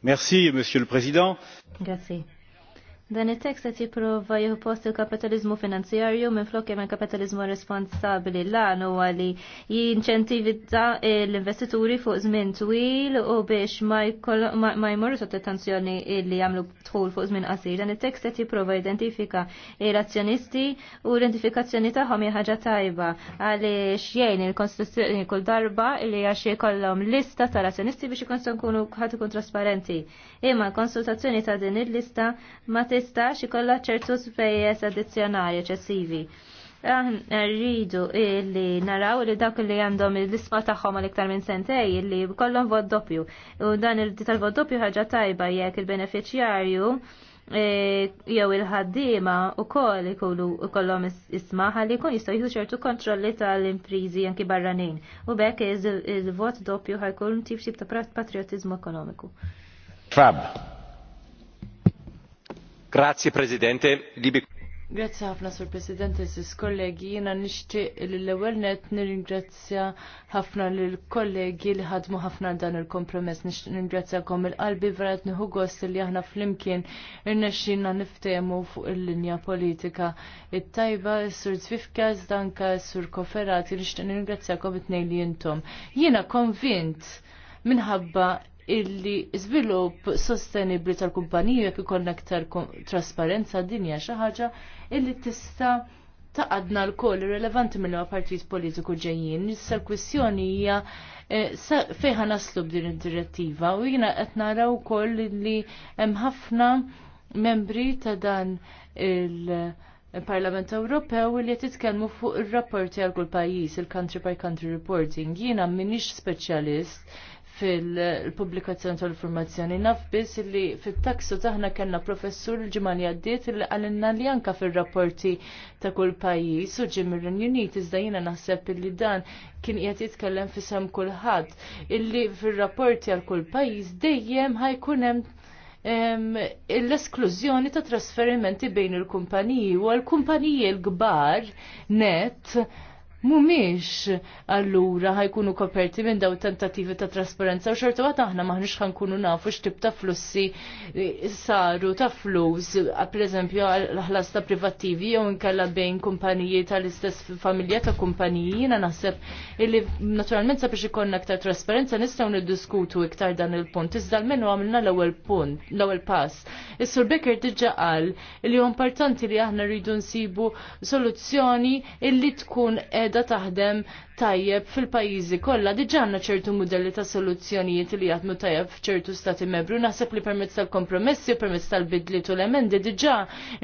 Merci, Monsieur le Président. Grazie. Dan it-tekst qed jipprova jieħu post il-kapitaliżmu finanzjarju minn flok il kapitaliżmu responsabbli lan u li jinċentivizza l-investituri fuq żmien twil u biex ma jmorru sotto tensjoni li jagħmlu dħul fuq żmien qasir. Dan it-tekst qed jipprova identifika l-azzjonisti u l-identifikazzjoni tagħhom hija ħaġa tajba għaliex jgħin il-Kostituzzjoni kull darba li għax jkollhom lista tal-azzjonisti biex ikun nkunu ħadd ikun trasparenti. Imma konsultazzjoni ta' din il-lista ma' tistax ikollha ċertu spejjeż addizzjonali eċessivi. Rridu li naraw li dawk li għandhom l-isma tagħhom għal iktar minn sentej li kollhom vot doppju. U dan il-tal-vot doppju ħaġa tajba jekk il-beneficjarju e, jew il-ħaddiema u koll ikollu kollhom isma' ħalli jkun jistgħu jieħdu ċertu kontrolli tal-imprizi anki barranin. U bekk il-vot doppju ħajkun tip ta' patriotiżmu ekonomiku. Trab. Grazie Presidente, Grazzi ħafna sur President, sis kollegi, jina nishtiq l-ewel net nirringrazzja ħafna l-kollegi li ħadmu ħafna dan il-kompromess. Nishtiq nir-ingrazzjakom il-qalbi verat nħu gost li aħna fl-imkien irnexxina niftemu fuq il-linja politika. It-tajba, sur Zvifka, zdanka, sur Koferati, nishtiq nir it-nej li jintom. Jina konvint minħabba illi żvilupp sostenibbli tal kumpanija jekk ikollna aktar trasparenza dinja xi ħaġa illi tista' taqadna l-koll irrelevanti mill partit politiku ġejjin. Nissa l-kwistjoni hija eh, fejħa naslu b'din id-direttiva u jiena qed nara wkoll li hemm ħafna membri ta' dan il-Parlament Ewropew li qed titkellmu fuq ir-rapporti għal kull pajjiż, il-country by country reporting. Jiena m'iniex speċjalist fil-pubblikazzjoni tal-informazzjoni. Naf biss li fit-taksu taħna kellna professur ġimali għaddiet li għalinna li anka fil-rapporti ta' kull pajjiż u ġim ir-Renjunit iżda jiena naħseb li dan kien jgħat jitkellem fissam sem kulħadd illi fir-rapporti għal kull pajjiż dejjem ħajkun hemm l-esklużjoni ta' trasferimenti bejn il-kumpaniji u għal-kumpaniji l-kbar net mumiex allura ħajkunu koperti minn daw tentativi ta' trasparenza u xorta għat aħna maħnix ħankunu nafu x'tib ta' flussi eh, saru ta' flus, per eżempju għal ħlas ta' privattivi jew inkella bejn kumpaniji tal-istess familja ta' kumpaniji, jina naħseb illi naturalment sabiex ikonna aktar trasparenza nistgħu niddiskutu iktar dan il-punt. Iżda l-menu għamilna l-ewwel punt, l-ewwel pass. Is-Sur Becker diġa qal li importanti li aħna rridu nsibu soluzzjoni illi tkun ed qiegħda taħdem tajjeb fil-pajjiżi kollha diġà għandna ċertu mudelli ta' soluzzjonijiet li jaħdmu tajjeb f'ċertu stati membru naħseb li permezz tal-kompromessi u permezz tal-bidliet u l-emendi diġà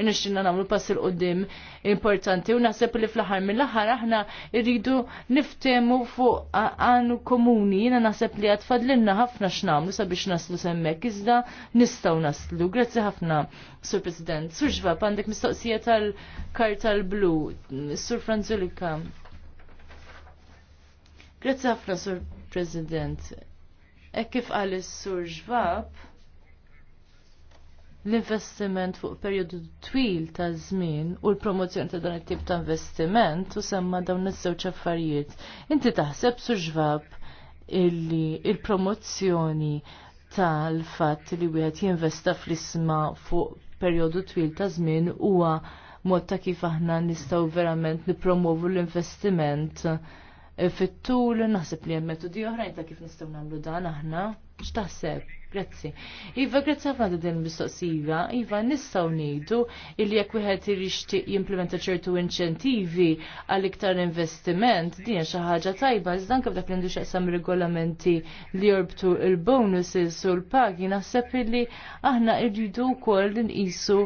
nixxinna nagħmlu pass il qudiem importanti u naħseb li fl-aħħar mill-aħħar aħna rridu niftemu fuq għanu komuni jiena naħseb li għad fadlinna ħafna x'nagħmlu sabiex naslu semmek iżda nistgħu naslu. Grazzi ħafna, Sur President. Sur ġvab għandek mistoqsija tal-karta l-blu, Sur Franzulika. Grazzi ħafna, Sur President. E kif għal sur ġvab, l-investiment fuq periodu twil ta' żmien u l-promozjoni ta' dan it-tip ta' investiment u semma dawn iż-żewġ affarijiet. Inti taħseb sur ġvab illi il-promozzjoni tal-fatt li wieħed jinvesta fl-isma fuq periodu twil ta' żmien huwa mod ta' kif aħna nistgħu verament nipromovu l-investiment fit-tul, naħseb li hemm metodi oħrajn ta' kif nistgħu nagħmlu dan aħna. X'taħseb? Grazzi. Iva, grazzi għafna din mistoqsiva. Iva, nistaw nejdu illi jekk wieħed irixtiq jimplementa ċertu inċentivi għal iktar investiment, din xi ħaġa tajba, iżda anke f'dak li xaqsam regolamenti li jorbtu il-bonuses u l-pagi, naħseb illi aħna rridu wkoll nqisu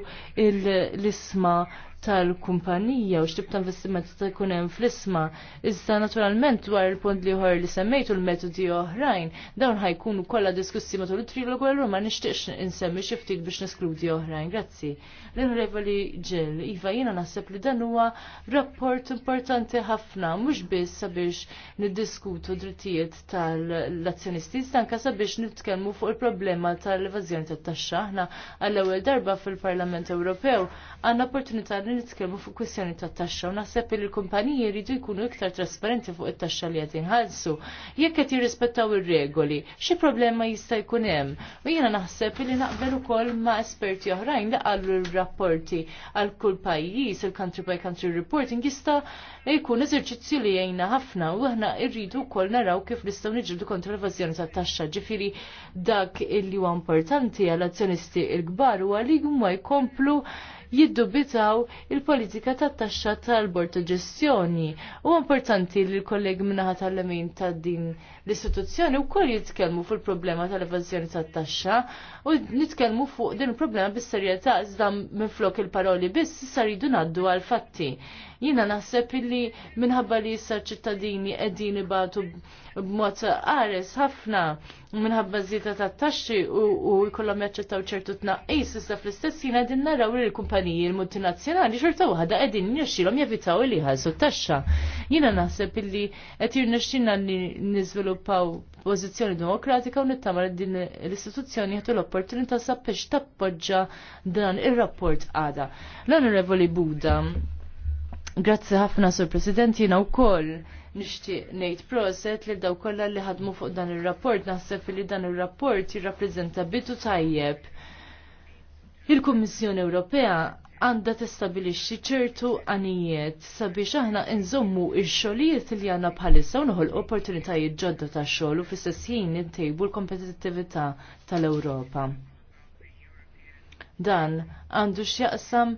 l-isma tal-kumpanija u x'tib ta' investiment ta' jkun hemm fl-isma. Iżda naturalment dwar il-punt li uħar li semmejtu l-metodi oħrajn, dawn ħajkunu kollha diskussi matul it-trilog u ma nixtieqx insemmi xi ftit biex neskludi oħrajn. Grazzi. l inrevoli Ġill, iva jiena naħseb li dan huwa rapport importanti ħafna, mhux biss sabiex niddiskutu drittijiet tal-azzjonisti, stanka anke sabiex nitkellmu fuq il-problema tal evazjoni tat-taxxa. Aħna għall-ewwel darba fil-Parlament Ewropew għandna opportunità li li nitkellmu fuq kwestjoni ta' taxxa u naħseb li l-kumpaniji jridu jkunu iktar trasparenti fuq it-taxxa li qed inħallsu. Jekk qed jirrispettaw ir-regoli, xi problema jista' jkun hemm. U jiena naħseb li naqbel ukoll ma' esperti oħrajn li qalu r-rapporti għal kull pajjiż il-country by country reporting jista' jkun eżerċizzju li jgħinna ħafna u aħna rridu wkoll naraw kif nistgħu niġġieldu kontra l-evażjoni tat-taxxa. Ġifieri dak illi huwa importanti għal azzjonisti l-kbar huwa li huma jkomplu jiddubitaw il-politika tat-taxxa tal-bord ta' ġestjoni. U importanti li l-kollegi minnaħa tal-lemin ta' din l-istituzzjoni u koll fuq fil-problema tal evazjoni tat-taxxa u nitkellmu fuq din il-problema bis-serjetà iżda minflok il-paroli biss issa rridu ngħaddu għal fatti. Jiena naħseb illi minħabba li jissar ċittadini qegħdin ibatu b'mod qares ħafna minħabba żieda tat-taxxi u jkollhom jaċċettaw ċertu tnaqqis issa fl-istess jiena qegħdin naraw li l-kumpaniji l multinazzjonali xorta waħda qegħdin jirnexxilhom jevitaw li ħalsu t-taxxa. Jiena naħseb illi qed jirnexxilna li niżvilupp niżviluppaw pozizjoni demokratika u nittama li din l-istituzzjoni jagħtu l-opportunità sabiex tappoġġa dan ir-rapport għada. L-Onorevoli Buda, grazzi ħafna Sur President u wkoll nixtieq ngħid proset li daw kollha li ħadmu fuq dan ir-rapport naħseb li dan ir-rapport jirrappreżenta bitu tajjeb. Il-Kummissjoni Ewropea għanda testabilixxi ċertu għanijiet sabiex aħna nżommu il-xogħlijiet li għandna bħalissa u l opportunitajiet ġodda ta' xogħol u fl n-tejbu l-kompetittività tal-Ewropa. Dan għandu x'jaqsam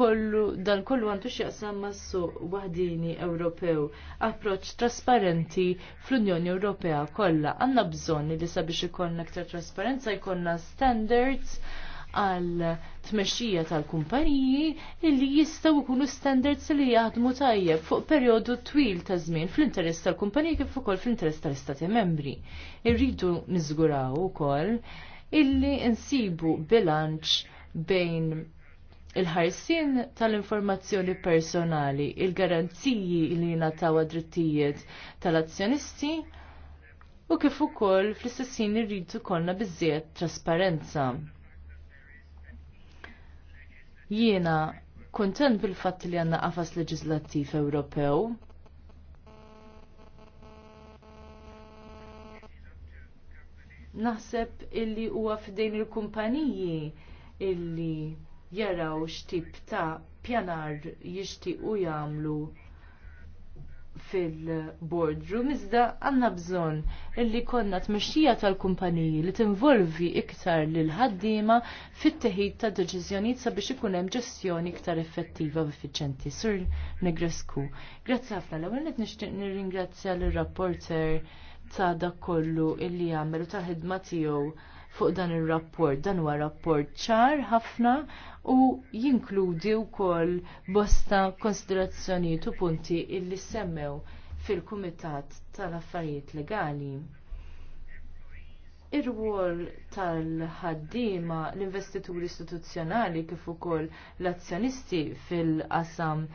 kollu dan kollu għandu x'jaqsam massu waħdini Ewropew, approċċ trasparenti fl-Unjoni Ewropea kollha. Għandna bżonn li sabiex ikollna aktar trasparenza, jkollna standards għal tmexxija tal-kumpaniji illi jistgħu jkunu standards li jaħdmu tajjeb fuq perjodu twil ta' żmien fl-interess tal-kumpaniji kif ukoll fl-interess tal-istati membri. Irridu niżguraw ukoll illi insibu bilanċ bejn il-ħarsien tal-informazzjoni personali, il-garanziji li nataw drittijiet tal-azzjonisti u kif ukoll fl-istessin irridu konna biżjed trasparenza. Jiena kontent bil-fatt li għanna qafas leġislattiv Ewropew. Naħseb illi huwa f'dejn il-kumpaniji illi jaraw x'tip ta' pjanar jixtiequ jagħmlu fil-boardroom, iżda għanna bżon illi konna t-mexxija tal-kumpaniji li tinvolvi iktar lil ħaddima fit-teħid ta' deċiżjonijiet sabiex ikun hemm ġestjoni iktar effettiva u effiċenti. Sur Negresku, grazzi ħafna l qed nixtieq nirringrazzja l-rapporter ta' dak kollu illi għamel u ta' ħidma tiegħu fuq dan ir-rapport. Dan huwa rapport ċar ħafna u jinkludi wkoll bosta konsiderazzjonijiet u punti illi semmew fil-Kumitat tal-Affarijiet Legali. Ir-rwol tal-ħaddiema, l-investituri istituzzjonali kif ukoll l-azzjonisti fil-qasam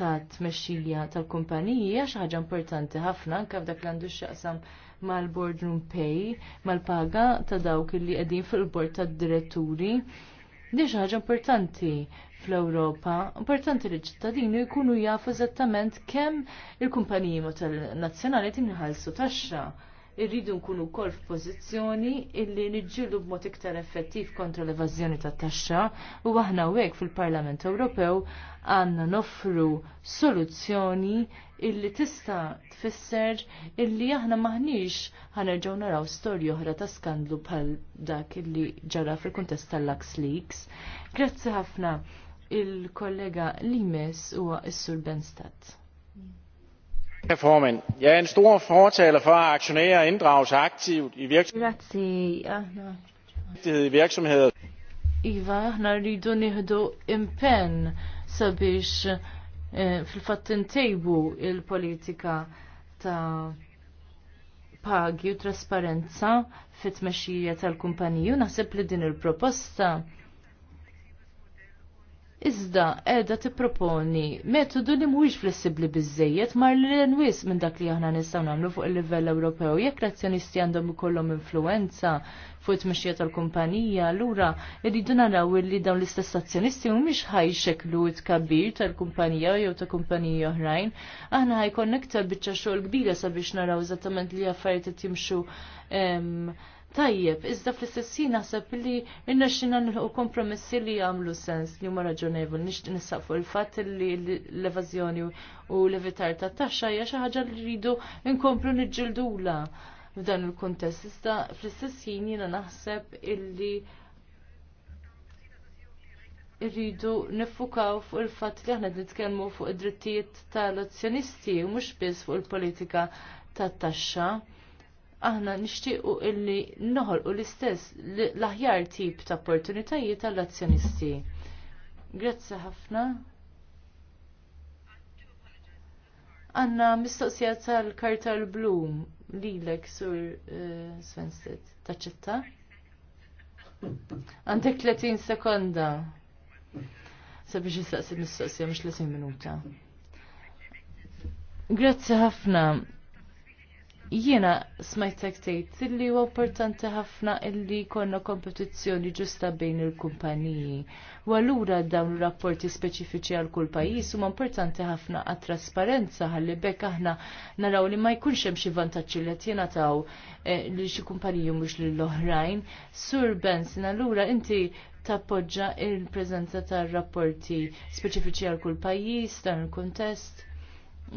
ta' tmexxija tal-kumpaniji għax xi ħaġa importanti ħafna anke f'dak l-għandu x'jaqsam mal-boardroom pay, mal-paga ta' dawk li qegħdin fil-bord tad-diretturi. Diġ ħaġa importanti fl-Ewropa, importanti li ċittadini jkunu jafu eżattament kemm il-kumpaniji nazzjonali tinħallsu taxxa. Irridu nkunu wkoll f'pożizzjoni illi niġġilu b'mod iktar effettiv kontra l-evażjoni tat-taxxa u aħna hekk fil-Parlament Ewropew għandna noffru soluzzjoni illi tista tfisser illi aħna maħniex ħanerġaw naraw storja oħra ta' skandlu bħal dak illi ġara fil-kuntest tal-Lux Leaks. Grazzi ħafna il-kollega Limes huwa s-Sur Benstadt. Herr jeg er en stor fortaler for, at inddrages aktivt i virksomheder. Iva, aħna rridu nieħdu impenn sabiex Eh, fil-fatt intejbu il-politika ta' pagi u trasparenza fit-tmexxija tal-kumpaniju naħseb li din il-proposta iżda edha tipproponi metodu li mhuwiex flessibbli biżejjed mar li l minn dak li aħna nistgħu nagħmlu fuq il-livell Ewropew. Jekk l-azzjonisti għandhom ikollhom influenza fuq it-tmexxija tal-kumpanija, allura rridu naraw li dawn l-istess azzjonisti mhumiex ħajxeklu tkabbir tal-kumpanija jew ta' kumpaniji oħrajn. Aħna ħajkonna iktar biċċa xogħol kbira sabiex naraw eżattament li affarijiet qed jimxu tajjeb, iżda fl-istess naħseb li rnexxina nħu kompromessi li jagħmlu sens li huma raġonevoli nixtieq nisaq fuq il-fatt li l-evażjoni u l-evitar ta' taxxa hija xi ħaġa li rridu nkomplu niġġildula f'dan il-kuntest. Iżda fl-istess jiena naħseb illi irridu nifukaw fuq il-fatt li aħna nitkellmu fuq id-drittijiet tal-azzjonisti u mhux biss fuq il-politika tat-taxxa aħna nixtiequ illi noħolqu l-istess l-aħjar tip ta' opportunitajiet tal-azzjonisti. Grazzi ħafna. Għanna mistoqsija tal-karta l-blum lilek sur uh, Taċċetta? Għandek 30 sekonda. Sabiex jistaqsi mistoqsija mux 30 minuta. Grazzi ħafna. Jiena smajtek tgħid illi huwa importanti ħafna illi jkollna kompetizzjoni ġusta bejn il-kumpaniji. U allura dawn ir-rapporti speċifiċi għal kull pajjiż huma importanti ħafna għat-trasparenza ħalli bekk aħna naraw li ma jkunx hemm xi vantaġġi li qed jingħataw eh, li xi kumpaniji mhux lill-oħrajn. Sur Benson, allura inti tappoġġa il-preżenza tar-rapporti speċifiċi għal kull pajjiż dan il-kuntest?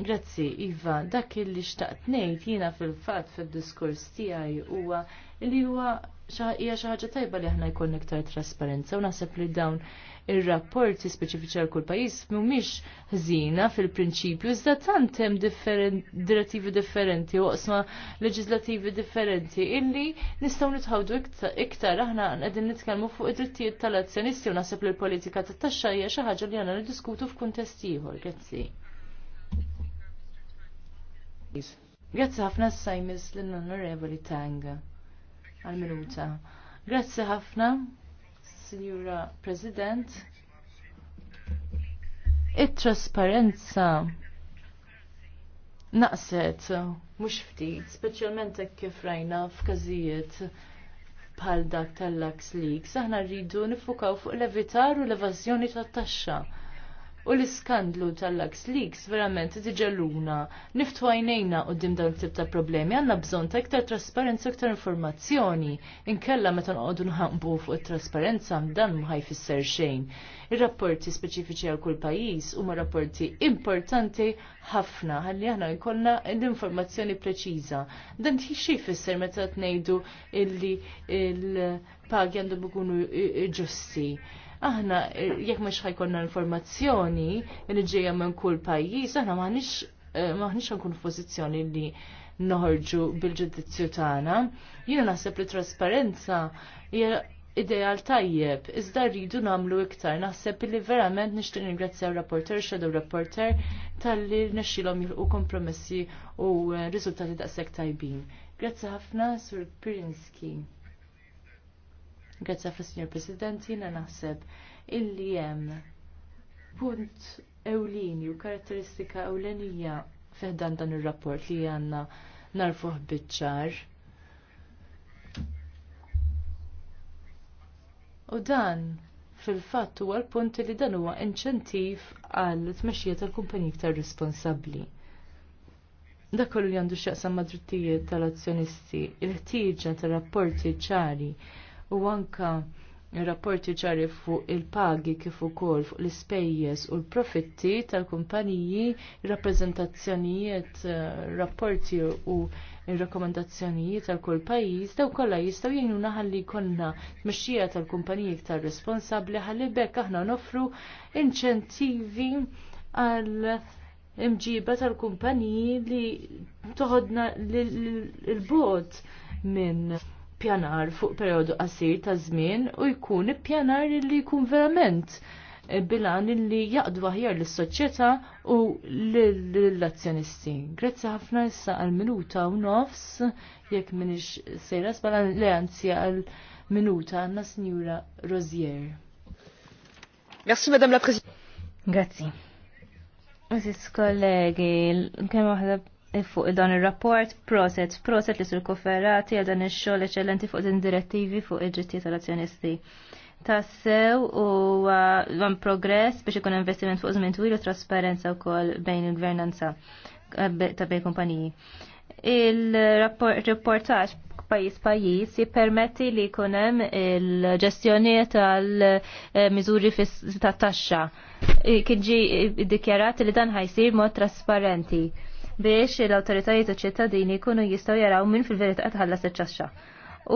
Grazzi, Iva, dak li xtaqt ngħid jiena fil-fatt fid-diskors tiegħi huwa li huwa hija xi ħaġa tajba li aħna jkollna iktar trasparenza u naħseb li dawn ir-rapporti speċifiċi għal kull pajjiż mhumiex ħżina fil-prinċipju iżda tant hemm direttivi differenti u qosma leġislativi differenti illi nistgħu nitħawdu iktar aħna qegħdin nitkellmu fuq id-drittijiet tal-azzjonisti u naħseb li l-politika tat-taxxa hija xi ħaġa li għandna niddiskutu f'kuntest ieħor. Grazzi. Grazzi ħafna s-sajmis l-onorevoli Tanga għal-minuta. Grazzi ħafna, Signora President. It-trasparenza naqset, mux ftit, specialment kif rajna f'każijiet bħal dak tal-Lux Leaks, aħna rridu nifukaw fuq l-evitar u l-evażjoni tat-taxxa. U l-iskandlu tal-Lux Leaks verament tiġeluna, niftu għajnejna u dim dawn tip ta' problemi, għanna bżon ta' iktar trasparenza, iktar informazzjoni, inkella meta nqogħdu nħambu fuq it-trasparenza dan muħaj fisser xejn. Ir-rapporti speċifiċi għal kull pajjiż huma rapporti importanti ħafna ħalli aħna jkollna l-informazzjoni preċiża. Dan xi jfisser meta t-nejdu illi il-pagi għandu bukunu ġusti. Il aħna eh, jekk mhux ħajkonna informazzjoni li ġejja minn kull pajjiż, aħna m'aħniex eh, maħniex nkun f'pożizzjoni li noħorġu bil-ġudizzju tagħna. Jiena naħseb li trasparenza hija ideal tajjeb, iżda rridu namlu iktar, naħseb li verament nixtieq ringrazzja rapporter, shadow rapporter, tal-li nexxilhom jilqu kompromessi u eh, riżultati daqshekk tajbin. Grazzi ħafna, Sur Pirinski. Grazzi fil Signor President, jiena naħseb illi hemm punt ewlini u karatteristika ewlenija fiħdan dan ir-rapport li għandna narfuh biċ-ċar. U dan fil-fatt huwa l-punt li dan huwa inċentiv għal tmexxija tal-kumpaniji iktar responsabbli. Dak kollu li għandu x'jaqsam ma' drittijiet tal-azzjonisti, il-ħtieġa tal-rapporti ċari u anka rapporti ċari fuq il-pagi kif ukoll fuq l-ispejjeż u l-profitti tal-kumpaniji, rappreżentazzjonijiet, eh, rapporti u ir-rakkomandazzjonijiet tal kull pajjiż daw kollha jistgħu jgħinuna ħalli jkollna tmexxija tal-kumpaniji iktar responsabbli ħalli bekk aħna nofru inċentivi għal imġiba tal-kumpaniji li toħodna l bot minn pjanar fuq periodu qasir ta' żmien u jkun pjanar li jkun verament bilan li jaqdu aħjar l-soċjetà u l-azzjonisti. Grazzi ħafna issa għal-minuta u nofs, jekk minix sejra bala li anzi għal-minuta għanna Signora Rozier. Merci Madame la Presidente. Grazzi. Aziz kollegi, kemm għahda fuq dan il-rapport, proset, proset li sul-kofferati għal dan il-xol eċellenti fuq din direttivi fuq il-ġittijiet tal-azzjonisti. Tassew u uh, għan progress biex ikun investiment fuq żmien twil u trasparenza wkoll bejn il-gvernanza eh, ta' bejn kumpaniji. Il-rapportaġ pajis pajis jippermetti li kunem il-ġestjoni tal-mizuri ta' taxxa. Kien ġi dikjarat li dan ħajsir mod trasparenti biex l-autoritajiet u ċittadini jkunu jistgħu jaraw minn fil-verità tħallas iċ-ċaxxa.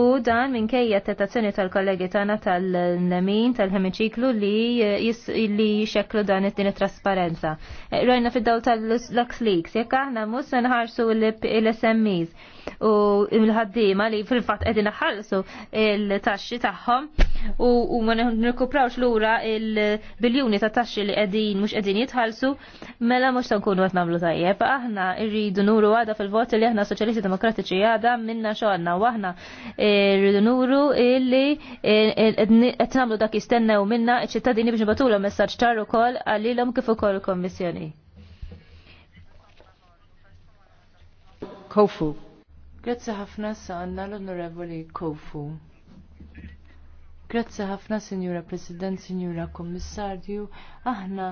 U dan minkejja t tazzjoni tal-kollegi tagħna tal nemin tal-hemiċiklu li li jxeklu dan it-din trasparenza. Eh, rajna fid-daw tal-Lux Leaks, jekk aħna mhux se nħarsu l-SMEs u l-ħaddiema li fil fat qegħdin ħallsu il-taxxi tagħhom u ma nirkuprawx lura il biljoni ta' taxxi li qegħdin mhux qegħdin jitħallsu mela mhux ta' nkunu qed nagħmlu tajjeb. Aħna rridu nuru għada fil-vot li aħna Soċjalisti Demokratiċi għada minna xogħolna u aħna eh, rridu nuru illi eh, eh, qed nagħmlu dak jistennew minna ċ-ċittadini biex l messaġġ messaċ ukoll għalilhom kif ukoll il-Kommissjoni. Kofu. Grazzi ħafna sanna l-Onorevoli Kofu. Grazzi ħafna, Sinjura President, Sinjura Kommissarju, aħna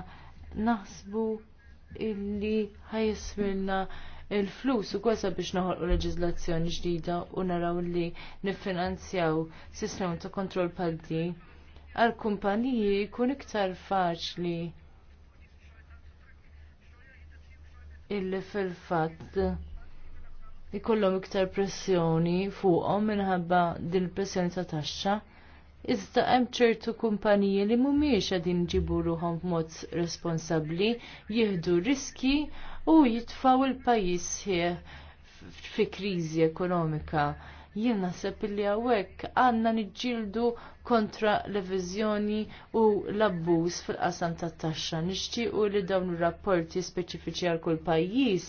naħsbu illi ħajiswilna il-flus u kważa biex naħolqu leġizlazzjoni ġdida u naraw li niffinanzjaw sistem ta' kontrol paldi għal-kumpaniji jkun iktar faċli illi fil-fatt ikollhom iktar pressjoni fuqhom minħabba din pressjoni ta' taxxa. Iżda hemm ċertu kumpaniji li mhumiex qegħdin ġibu ruħhom b'mod responsabbli, jieħdu riski u jitfaw il-pajjiż fi kriżi ekonomika. Jien naħseb li hawnhekk għandna niġġieldu kontra l-eviżjoni u l-abbuż fil-qasam tat-taxxa. Nixtiequ li dawn ir-rapporti speċifiċi għal kull pajjiż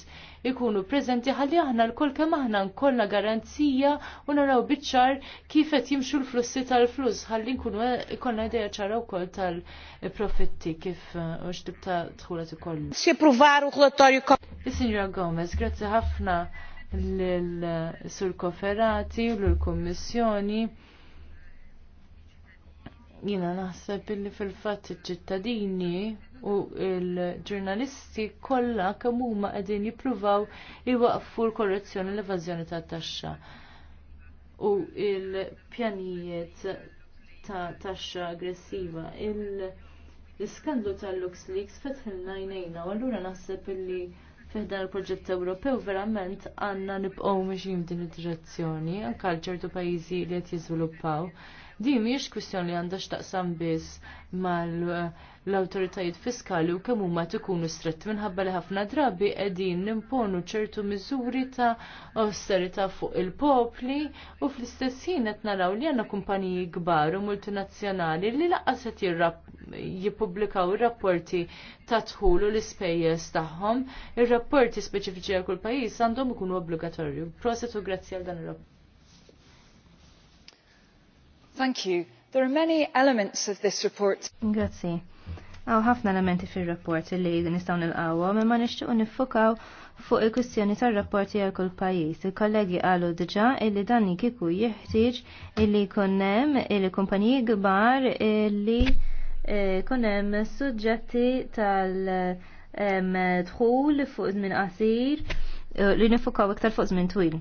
ikunu preżenti ħalli aħna l-kol kemm aħna nkollna garanzija u naraw biċ-ċar kif qed jimxu l-flussi tal-flus ħalli nkunu ikollna idea ċara wkoll tal-profitti kif u uh, x'tib ta' ukoll. ikollu. Xi provaru Is-Sinjora Gomez, grazzi ħafna l-Sur Koferati u l-Kommissjoni. Jina naħseb illi fil-fatt iċ-ċittadini u l-ġurnalisti kollha kemm huma qegħdin jippruvaw iwaqfu l-korrezzjoni l-evażjoni tat-taxxa. U l-pjanijiet ta' taxxa aggressiva. Il-skandlu tal-LuxLeaks fetħilna jnejna u allura naħseb illi f'dan il-proġett Ewropew verament għandna nibqgħu mixin din id-direzzjoni anke ċertu pajjiżi li qed jiżviluppaw. Din mhijiex kwistjoni li għandha x'taqsam biss mal-awtoritajiet fiskali u kemm huma tikunu strett minħabba li ħafna drabi qegħdin nimponu ċertu miżuri ta' austerità fuq il-popli u fl-istess ħin qed naraw li għandna kumpaniji kbar u multinazzjonali li laqas qed jippubblikaw ir-rapporti ta' dħul u l-ispejjeż tagħhom, ir-rapporti speċifiċi għal kull pajjiż għandhom ikunu obbligatorju. Proset u grazzi għal dan ir-rapport. Thank you. There are many elements of this report. Grazie. Għaw ħafna elementi fil-rapport li nistaw nil għawa ma ma nixtiequ nifukaw fuq il-kwistjoni tar-rapporti għal kull pajjiż. Il-kollegi qalu diġà illi danni kiku jeħtieġ illi konnem il-kumpaniji kbar illi eh, konnem suġġetti tal-dħul fuq minn qasir eh, li nifukaw iktar fuq żmien twil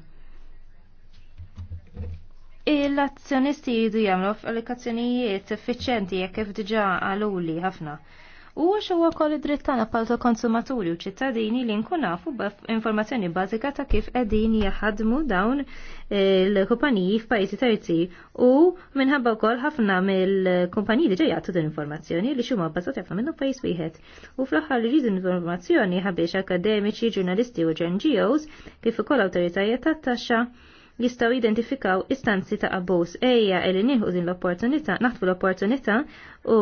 Il-azzjonisti jidu jagħmlu f'allokazzjonijiet effiċjenti jekk kif diġà għaluli ħafna. U għax huwa wkoll id-dritt tagħna bħal konsumaturi u ċittadini li nkun nafu informazzjoni bażika ta' kif qegħdin jaħadmu dawn il-kumpaniji f'pajjiżi terzi u minħabba wkoll ħafna mill-kumpaniji diġà jagħtu din informazzjoni li xuma bbażati ħafna minnu pajjiż wieħed. U fl-aħħar li jridu informazzjoni ħabiex akademiċi, ġurnalisti u NGOs kif ukoll awtoritajiet tat-taxxa jistaw identifikaw istanzi ta' abbos eja li nieħu din l-opportunità, naħtfu l-opportunità u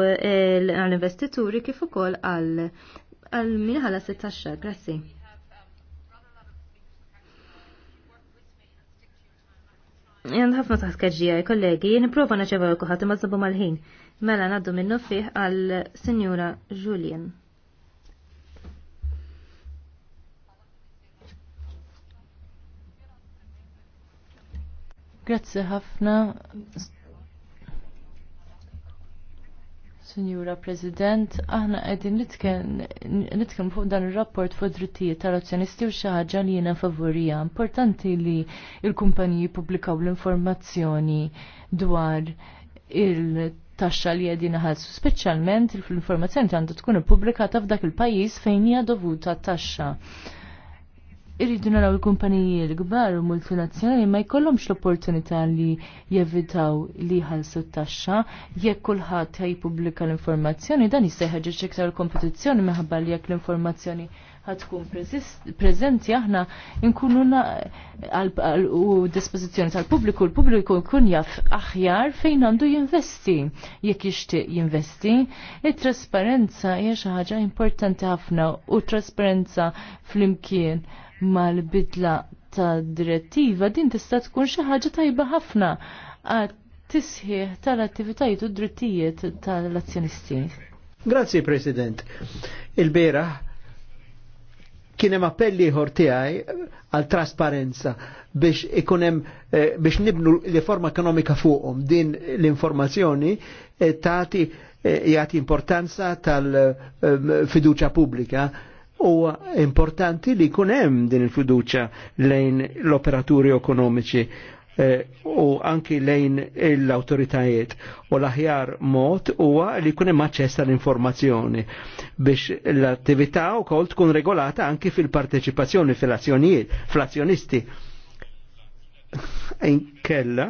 eh, għall-investituri kif ukoll għal għal minħala 16 grazzi. Jan ħafna taħt kollegi, niprofa naċevaw kuħat, ma zabu mal-ħin. Mela naddu minnu fih għal Signora Julien. Grazzi ħafna. Signora President, aħna qegħdin nitken fuq dan ir-rapport fuq drittijiet tal-azzjonisti u xi ħaġa li jiena favorija. Importanti li l-kumpaniji publikaw l-informazzjoni dwar il-taxxa li qegħdin iħallsu, speċjalment l-informazzjoni għandha tkun publikata f'dak il-pajjiż fejn hija dovuta t-taxxa irridu naraw il-kumpaniji l-kbar u multinazzjonali ma jkollhomx l-opportunità li jevitaw li ħalsu t-taxxa jekk kulħadd jpubblika l-informazzjoni dan jista' jħeġġeġ iktar kompetizzjoni minħabba li jekk l-informazzjoni ħatkun preżenti aħna nkunu u dispożizzjoni tal-pubbliku l-pubbliku jkun jaf aħjar fejn għandu jinvesti jekk jixtieq jinvesti. Il-trasparenza hija xi ħaġa importanti ħafna u trasparenza flimkien mal-bidla ta' direttiva din tista' tkun xi ħaġa tajba ħafna għat tisħiħ tal-attivitajiet u drittijiet tal-azzjonisti. Grazzi, President. il bera kien hemm appelli ieħor tiegħi għal trasparenza biex ikun hemm eh, biex nibnu l-forma ekonomika fuqhom din l-informazzjoni eh, tagħti eh, jagħti importanza tal-fiduċja pubblika u importanti li kunem din il-fiduċa lejn l-operaturi ekonomiċi eh, u anki lejn l-autoritajiet u l-aħjar mod huwa li kunem maċċessa l informazzjoni biex l-attività u kol tkun regolata anki fil-parteċipazzjoni fil-azzjonijiet, fil azzjonisti Inkella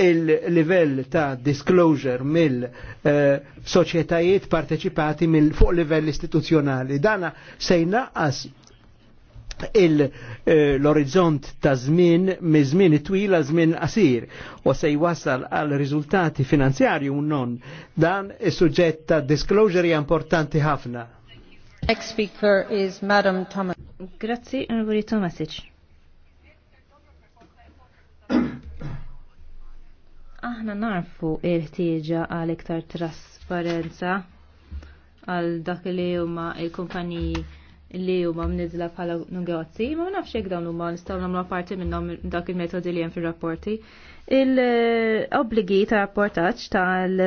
il-livell ta' disclosure mill-soċjetajiet eh, parteċipati mill fuq livell istituzzjonali. Dana se as eh, l-orizzont ta' żmien mi żmien twila żmien qasir u se jwassal għal riżultati finanzjarju non dan is-suġġett ta' disclosure importanti ħafna. Next speaker is Madam Thomas. Grazzi, Onorevoli Aħna narfu il-ħtieġa għal iktar trasparenza għal dak li huma il-kumpaniji li huma mnizla bħala negozji, ma nafx jekk dawn huma nistgħu nagħmlu parti minnhom dak il-metodi li hemm fir-rapporti. Il-obbligi ta' rapportaġġ tal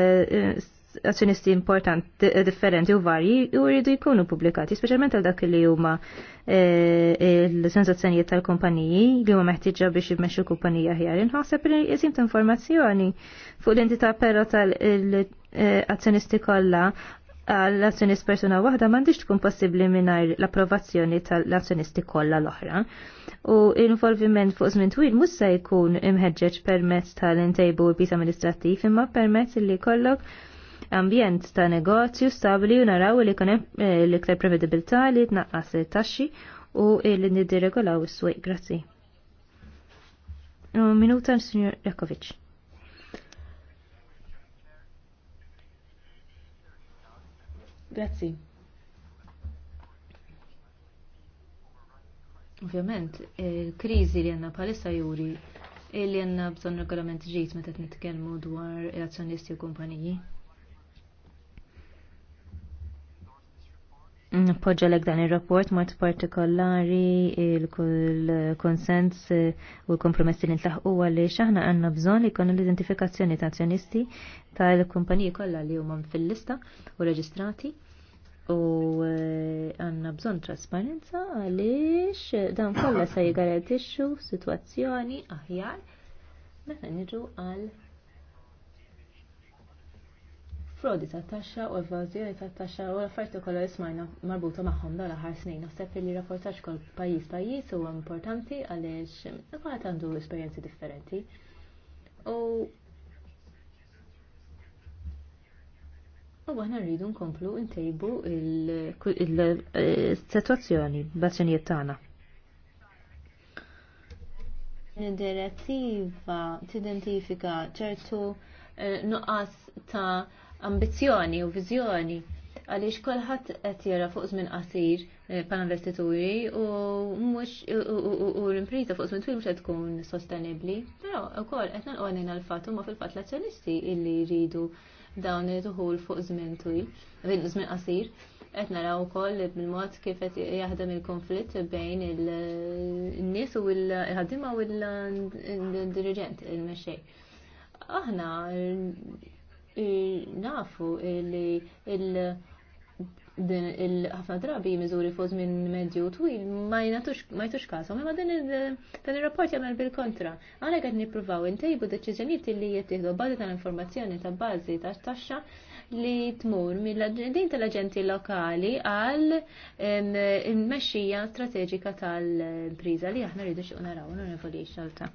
azzjonisti importanti eh, differenti u varji u rridu jkunu publikati, speċjalment għal dak li huma eh, l sensazzjonijiet tal-kumpaniji li huma meħtieġa biex jimmexxu kumpanija ħjar. inħaseb li jisim informazzjoni fuq l-entità però tal-azzjonisti kollha l-azzjonist persuna waħda m'għandix tkun possibbli mingħajr l-approvazzjoni tal-azzjonisti kollha l-oħra. U involviment fuq żmien twil mhux se jkun imħeġġeġ permezz tal-intejbu u bis amministrattiv imma permezz li kollok ambjent ta' negozju stabli u naraw li kunem eh, l-iktar prevedibilità li tnaqqas taxxi u li niddiregolaw is swej Grazzi. Minuta l-Sinjor Jakovic. Grazzi. Ovvjament, il-krizi li għanna palissa juri, il-li għanna bżon regolament ġit meta t-nitkelmu dwar azzjonisti u kumpaniji. Poġġa l dan il-rapport mod partikolari il-konsens eh, u l-kompromessi li nitlaħqu għalli xaħna għanna bżon li konu l-identifikazzjoni ta' azzjonisti tal-kumpaniji kollha li huma fil-lista u reġistrati u eh, għanna bżon trasparenza għaliex dan kollha se jgarantixxu situazzjoni aħjar meta niġu għal frodi ta' taxxa u evażjoni ta' taxxa u l-affarijiet ukoll smajna marbuta magħhom dan l-aħħar snin. Naħseb li rapportaġġ kol pajjiż pajjiż huwa importanti għaliex qed għandu esperjenzi differenti. U U għahna rridu nkomplu ntejbu il-situazzjoni b'azzjonijiet tagħna. Direttiva tidentifika ċertu eh, nuqqas ta' ambizzjoni u viżjoni għaliex kolħat qed jara fuq żmien qasir bħala eh, investituri u mhux u l-imprita fuq żmien twil mhux qed tkun sostenibbli. Però wkoll qed nolqolin l fatt huma fil-fatt l-azzjonisti illi jridu dawn id-dħul fuq żmien twil, żmien qasir qed naraw ukoll bil-mod kif qed jaħdem il-konflitt bejn in-nies u l-ħaddiema u l-dirigent il mexej Aħna nafu li il- din il-ħafna drabi miżuri fuż minn medju twil ma jnatux ma jtux kasu, ma din dan il rapport jagħmel bil-kontra. Għalhekk qed nippruvaw intejbu deċiżjonijiet li jittieħdu bażi tal-informazzjoni ta' bażi ta' taxxa li tmur mill-din tal-aġenti lokali għal il-mexxija strateġika tal-impriża li aħna rridu xi naraw, non xalta.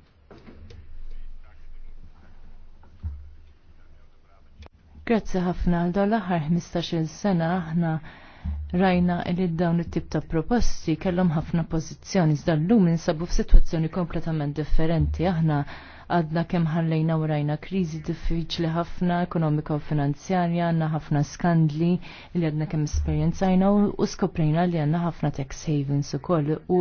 Grazzi ħafna għal dawn l-aħħar 15-il sena aħna rajna li dawn it-tip ta' proposti kellhom ħafna pożizzjoni iżda llum insabu f'sitwazzjoni kompletament differenti aħna għadna kemm ħallejna u rajna kriżi diffiċli ħafna ekonomika u finanzjarja, għandna ħafna skandli li għadna kemm esperjenzajna u skoprejna li għandna ħafna tax havens ukoll u, u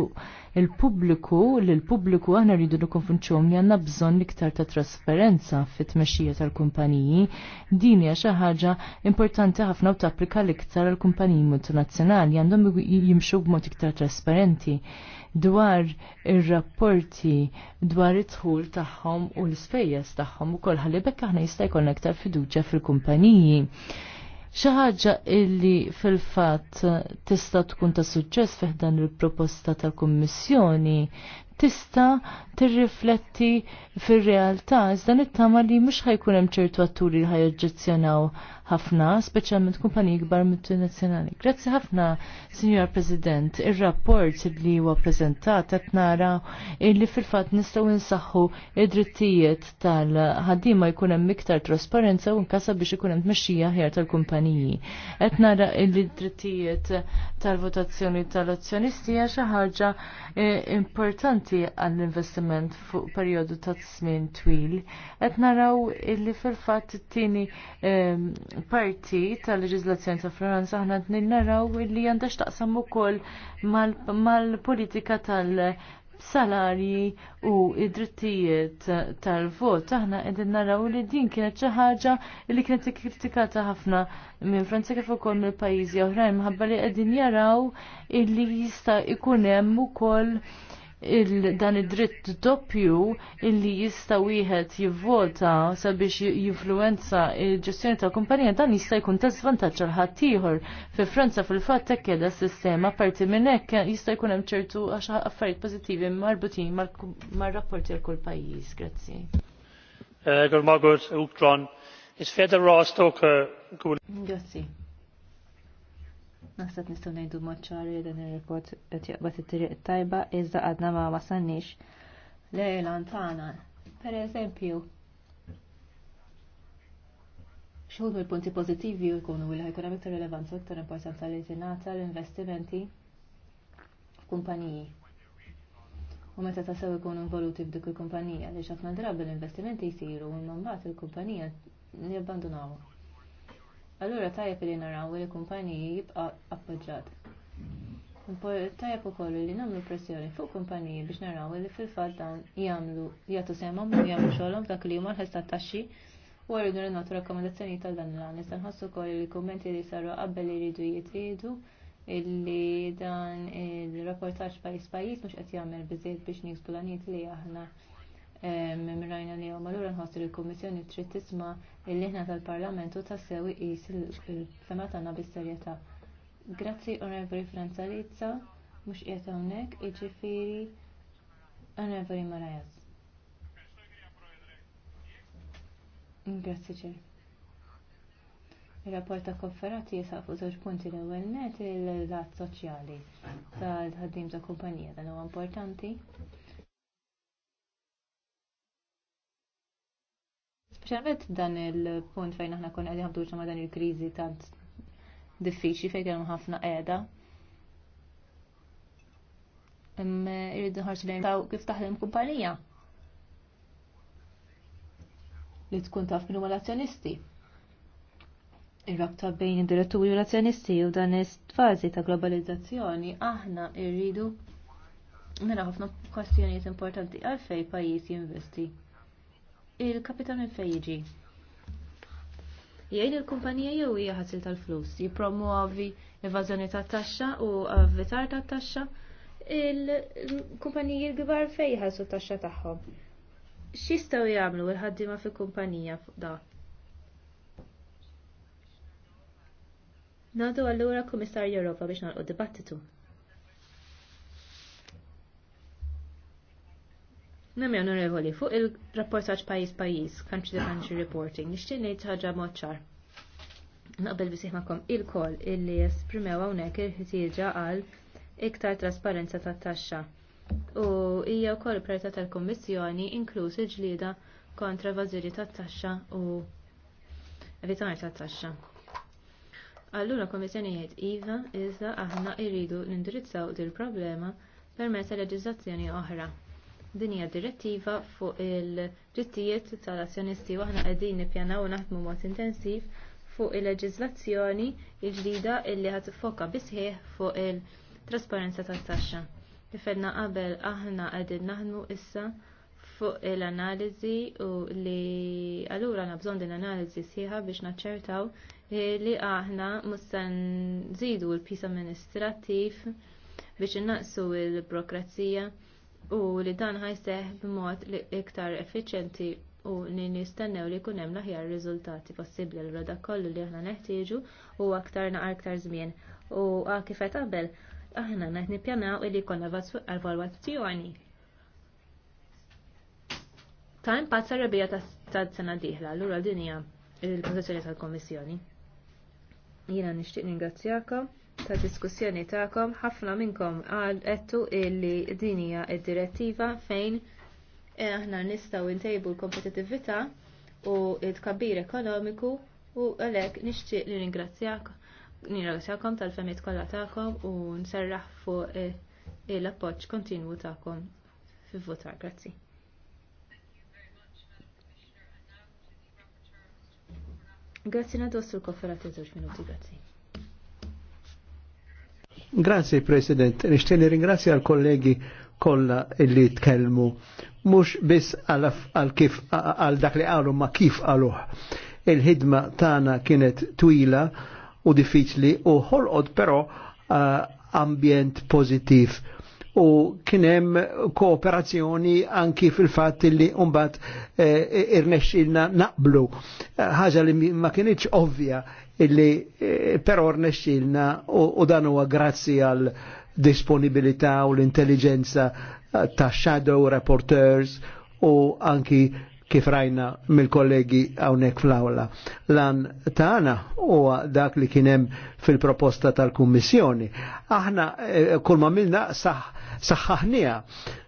il-pubbliku li l-pubbliku aħna rridu nikkonfunċhom li għandna bżonn iktar ta' trasparenza fit-tmexxija tal-kumpaniji. Din hija xi ħaġa importanti ħafna u tapplika l-iktar għall kumpaniji multinazzjonali għandhom jimxu b'mod iktar trasparenti dwar ir-rapporti dwar it-tħul tagħhom u l-ispejjeż tagħhom ukoll ħalli bekk aħna jista' jkollna iktar fiduċja fil-kumpaniji. Xi ħaġa illi fil-fatt tista' tkun ta' suċċess fih dan il-proposta tal-Kummissjoni tista' tirrifletti fir-realtà iżda nittama li mhux ħajkun hemm ċertu atturi li ħajoġġezzjonaw ħafna, speċjalment kumpaniji kbar multinazzjonali. Grazzi ħafna, Signor President, ir-rapport li huwa preżentat qed nara li fil-fatt nistgħu nsaħħu id-drittijiet tal-ħaddiema jkun hemm iktar trasparenza u nkasa biex ikun hemm tmexxija ħjar tal-kumpaniji. Qed nara li d-drittijiet tal-votazzjoni tal-azzjonisti hija xi ħaġa eh, importanti importanti għall-investiment fuq perjodu ta' żmien twil. Qed naraw illi fil-fatt it-tieni ehm, parti tal-leġiżlazzjoni ta' Franza aħna qed naraw illi għandha x'taqsam ukoll mal-politika tal- salarji u id-drittijiet tal-vot. Aħna qegħdin naraw li din kienet xi ħaġa li kienet ikkritikata ħafna minn Franza kif ukoll mill-pajjiżi oħrajn minħabba li qegħdin jaraw illi jista' ikun hemm ukoll dan id-dritt doppju illi jista' wieħed jivvota sabiex jinfluenza il-ġestjoni ta' kumpanija dan jista' jkun ta' żvantaġġ għal ħadd ieħor. Fi Franza fil-fatt hekk s sistema parti minn hekk jista' jkun hemm ċertu għax affarijiet pożittivi marbutin mar-rapporti għal kull pajjiż. Grazzi. Eh, Grazzi. Naħseb nistgħu ngħidu maċċari dan ir-report qed jaqbad it-triq tajba iżda għadna ma wasalniex lejlan tagħna. Pereżempju, xogħol il punti pożittivi jkunu li ħajkun hemm iktar rilevanza iktar importanza li tingħata l-investimenti f'kumpaniji. U meta tasew ikunu involuti f'dik il-kumpanija li ħafna drabi l-investimenti jsiru imma mbagħad il-kumpanija nibbandunawhom allura tajjeb li naraw li kumpaniji jibqa' appoġġjat. Tajjeb ukoll li nagħmlu pressjoni fuq kumpaniji biex naraw li fil-fatt dawn jagħmlu jagħtu semhom u jagħmlu xogħolhom dak li huma l-ħesta taxxi u rridu nagħtu rakkomandazzjoni tal dan l-għan. Nista' nħossu wkoll li kummenti li saru qabel li jridu jitqiegħdu illi dan il-rapportaġġ pajjiż pajjiż mhux qed jagħmel biżejjed biex niksbu l-għanijiet li aħna rajna li għom għallura nħossu li komissjoni trid tisma' il-liħna tal-Parlamentu ta' sewi qis il-sema tagħna bis-serjetà. Grazzi Onorevoli Franzalizza, mhux qiegħed hawnhekk, iġifiri, Onorevoli Marajas. Grazzi ċer. il rapporta ta' konferati jisaq fuq żewġ punti l-ewwel net il-lat soċjali tal-ħaddim ta' kumpanija dan huwa importanti Speċjalment dan il-punt fejn aħna konna għadin ħabduġa ma' dan il-kriżi tant diffiċi fejn kellhom ħafna qiegħda. irridu ħarsu lejn kif taħdem kumpanija li tkun taf minn huma l-azzjonisti. Ir-rabta bejn id-diretturi u l-azzjonisti u dan is fazi ta' globalizzazzjoni aħna rridu nara ħafna kwestjonijiet importanti għalfej pajjiż jinvesti il kapitan minn fejn jiġi. Jgħid il-kumpanija jew hija ħasil tal-flus, jippromuovi evażjoni tat-taxxa u avvitar tat-taxxa, il-kumpaniji l-kbar fejn jħallsu t-taxxa tagħhom. X'jistgħu jagħmlu l-ħaddiema fil-kumpanija fuq da? Nadu allura Komissar Europa biex nalqu dibattitu. Nemi onorevoli, fuq il-rapportaċ pajis pajis, country to country reporting, nishtiq ngħid ħaġa moċċar. Naqbel makom il-kol illi jesprimew hawnhekk il-ħtieġa għal iktar trasparenza tat-taxxa. U hija wkoll priorità tal-Kummissjoni inkluż il-ġlieda kontra evażjoni tat-taxxa u evitar tat-taxxa. Allura Kommissjoni jgħid iva iżda aħna jridu nindirizzaw dil-problema permezz leġiżlazzjoni oħra Din hija direttiva fuq il ġittijiet tal-azzjonisti u aħna qegħdin nippjanaw naħdmu mod intensiv fuq il-leġiżlazzjoni l-ġdida illi ħad tiffoka bisħieħ fuq il-trasparenza tat-taxxa. Nifelna qabel aħna qegħdin naħdmu issa fuq l-analiżi u li allura għandna bżonn din analiżi sħiħa biex naċċertaw li aħna mustan nżidu l-pis amministrattiv biex innaqsu l-burokrazija u li dan ħajseħ b'mod li iktar effiċjenti u li nistennew li jkun hemm aħjar riżultati possibbli l roda kollu li aħna neħtieġu u aktar naqar aktar żmien. U kif qed qabel aħna qed nippjanaw li jkollna evalwazzjoni ta' impatt sar-rebija ta' sena d l allura din hija il pozizjoni tal komissjoni Jiena nixtieq ningrazzjaka ta' diskussjoni tagħkom ħafna minnkom għal għettu illi din hija d direttiva fejn eh, aħna nistgħu ntejbu l-kompetitività u t-tkabbir ekonomiku u għalhekk nixtieq li ringrazzjak nirrazzjakom tal-femiet kollha tagħkom u nserraħ fuq eh, l-appoġġ kontinwu tagħkom fil-votar. Grazzi. Grazzi nadostu l-kofferati żewġ minuti, grazzi. Grazie President, nishtiq ringrazzja għal kollegi kollha illi tkellmu mhux biss għal kif għal dak li qalu ma kif għaluħ. Il-ħidma tagħna kienet twila u diffiċli u ħolqod però eh, ambjent pożittiv u kienem kooperazzjoni anki fil-fat li umbat eh, irnexxilna naqblu. Eh, ħaġa li ma kienieċ ovvja illi eh, però rnexxilna u dan huwa grazzi għal disponibilità u l-intelligenza eh, ta' shadow rapporteurs u anki kif rajna mill-kollegi hawnhekk fl-awla. Lan tagħna huwa dak li kien hemm fil-proposta tal-Kummissjoni. Aħna eh, kull ma milna saħħaħnija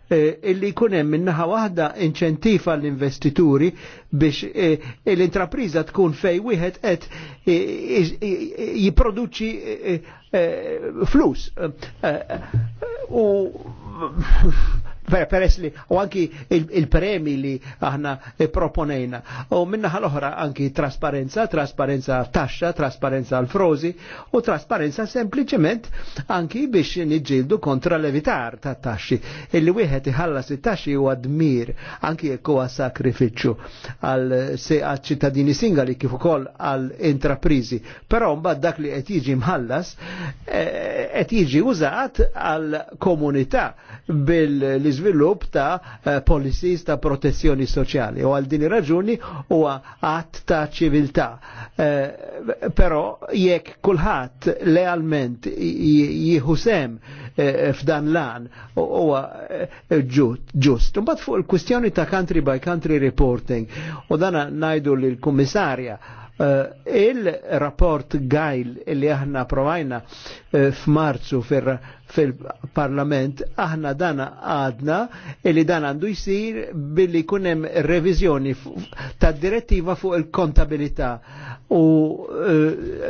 Eh, illi kunem minnaħa wahda inċentifa għall-investituri biex eh, l-intrapriza tkun fej wieħed qed eh, jipproduċi flus. U peress li u anki il-premi il li aħna proponejna. U minna ħal-oħra anki trasparenza, trasparenza taxxa, trasparenza l-frozi u trasparenza sempliciment anki biex niġġieldu kontra l-evitar ta' taxxi. Illi wieħed iħallas it-taxxi u admir anki jekk huwa sakrifiċċju għal ċittadini singali kif ukoll għal intraprizi. Però mbagħad dak li qed jiġi mħallas eh, qed jiġi użat għal komunità bil l izvilup ta' eh, policies ta' protezzjoni soċjali. U għal din raġuni huwa att ta' ċiviltà. Eh, però jekk kulħadd lealment jieħu sem eh, f'dan an huwa ġust. Mbagħad fuq il-kwistjoni ta' country by country reporting u dan ngħidu lill-kummissarja Eh, il-rapport Gajl li aħna provajna eh, f'Marzu fil-Parlament, aħna dan għadna eh, li dan għandu jisir billi kunem revizjoni ta' direttiva fuq il-kontabilità u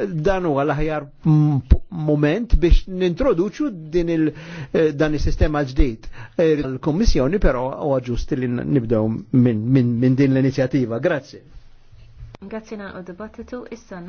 dan huwa l-aħjar moment biex nintroduċu din il dan il sistema ġdid. Il-Kommissjoni però huwa ġust li nibdew minn din l inizjativa Grazie. Grazzi naqgħu dibattitu issa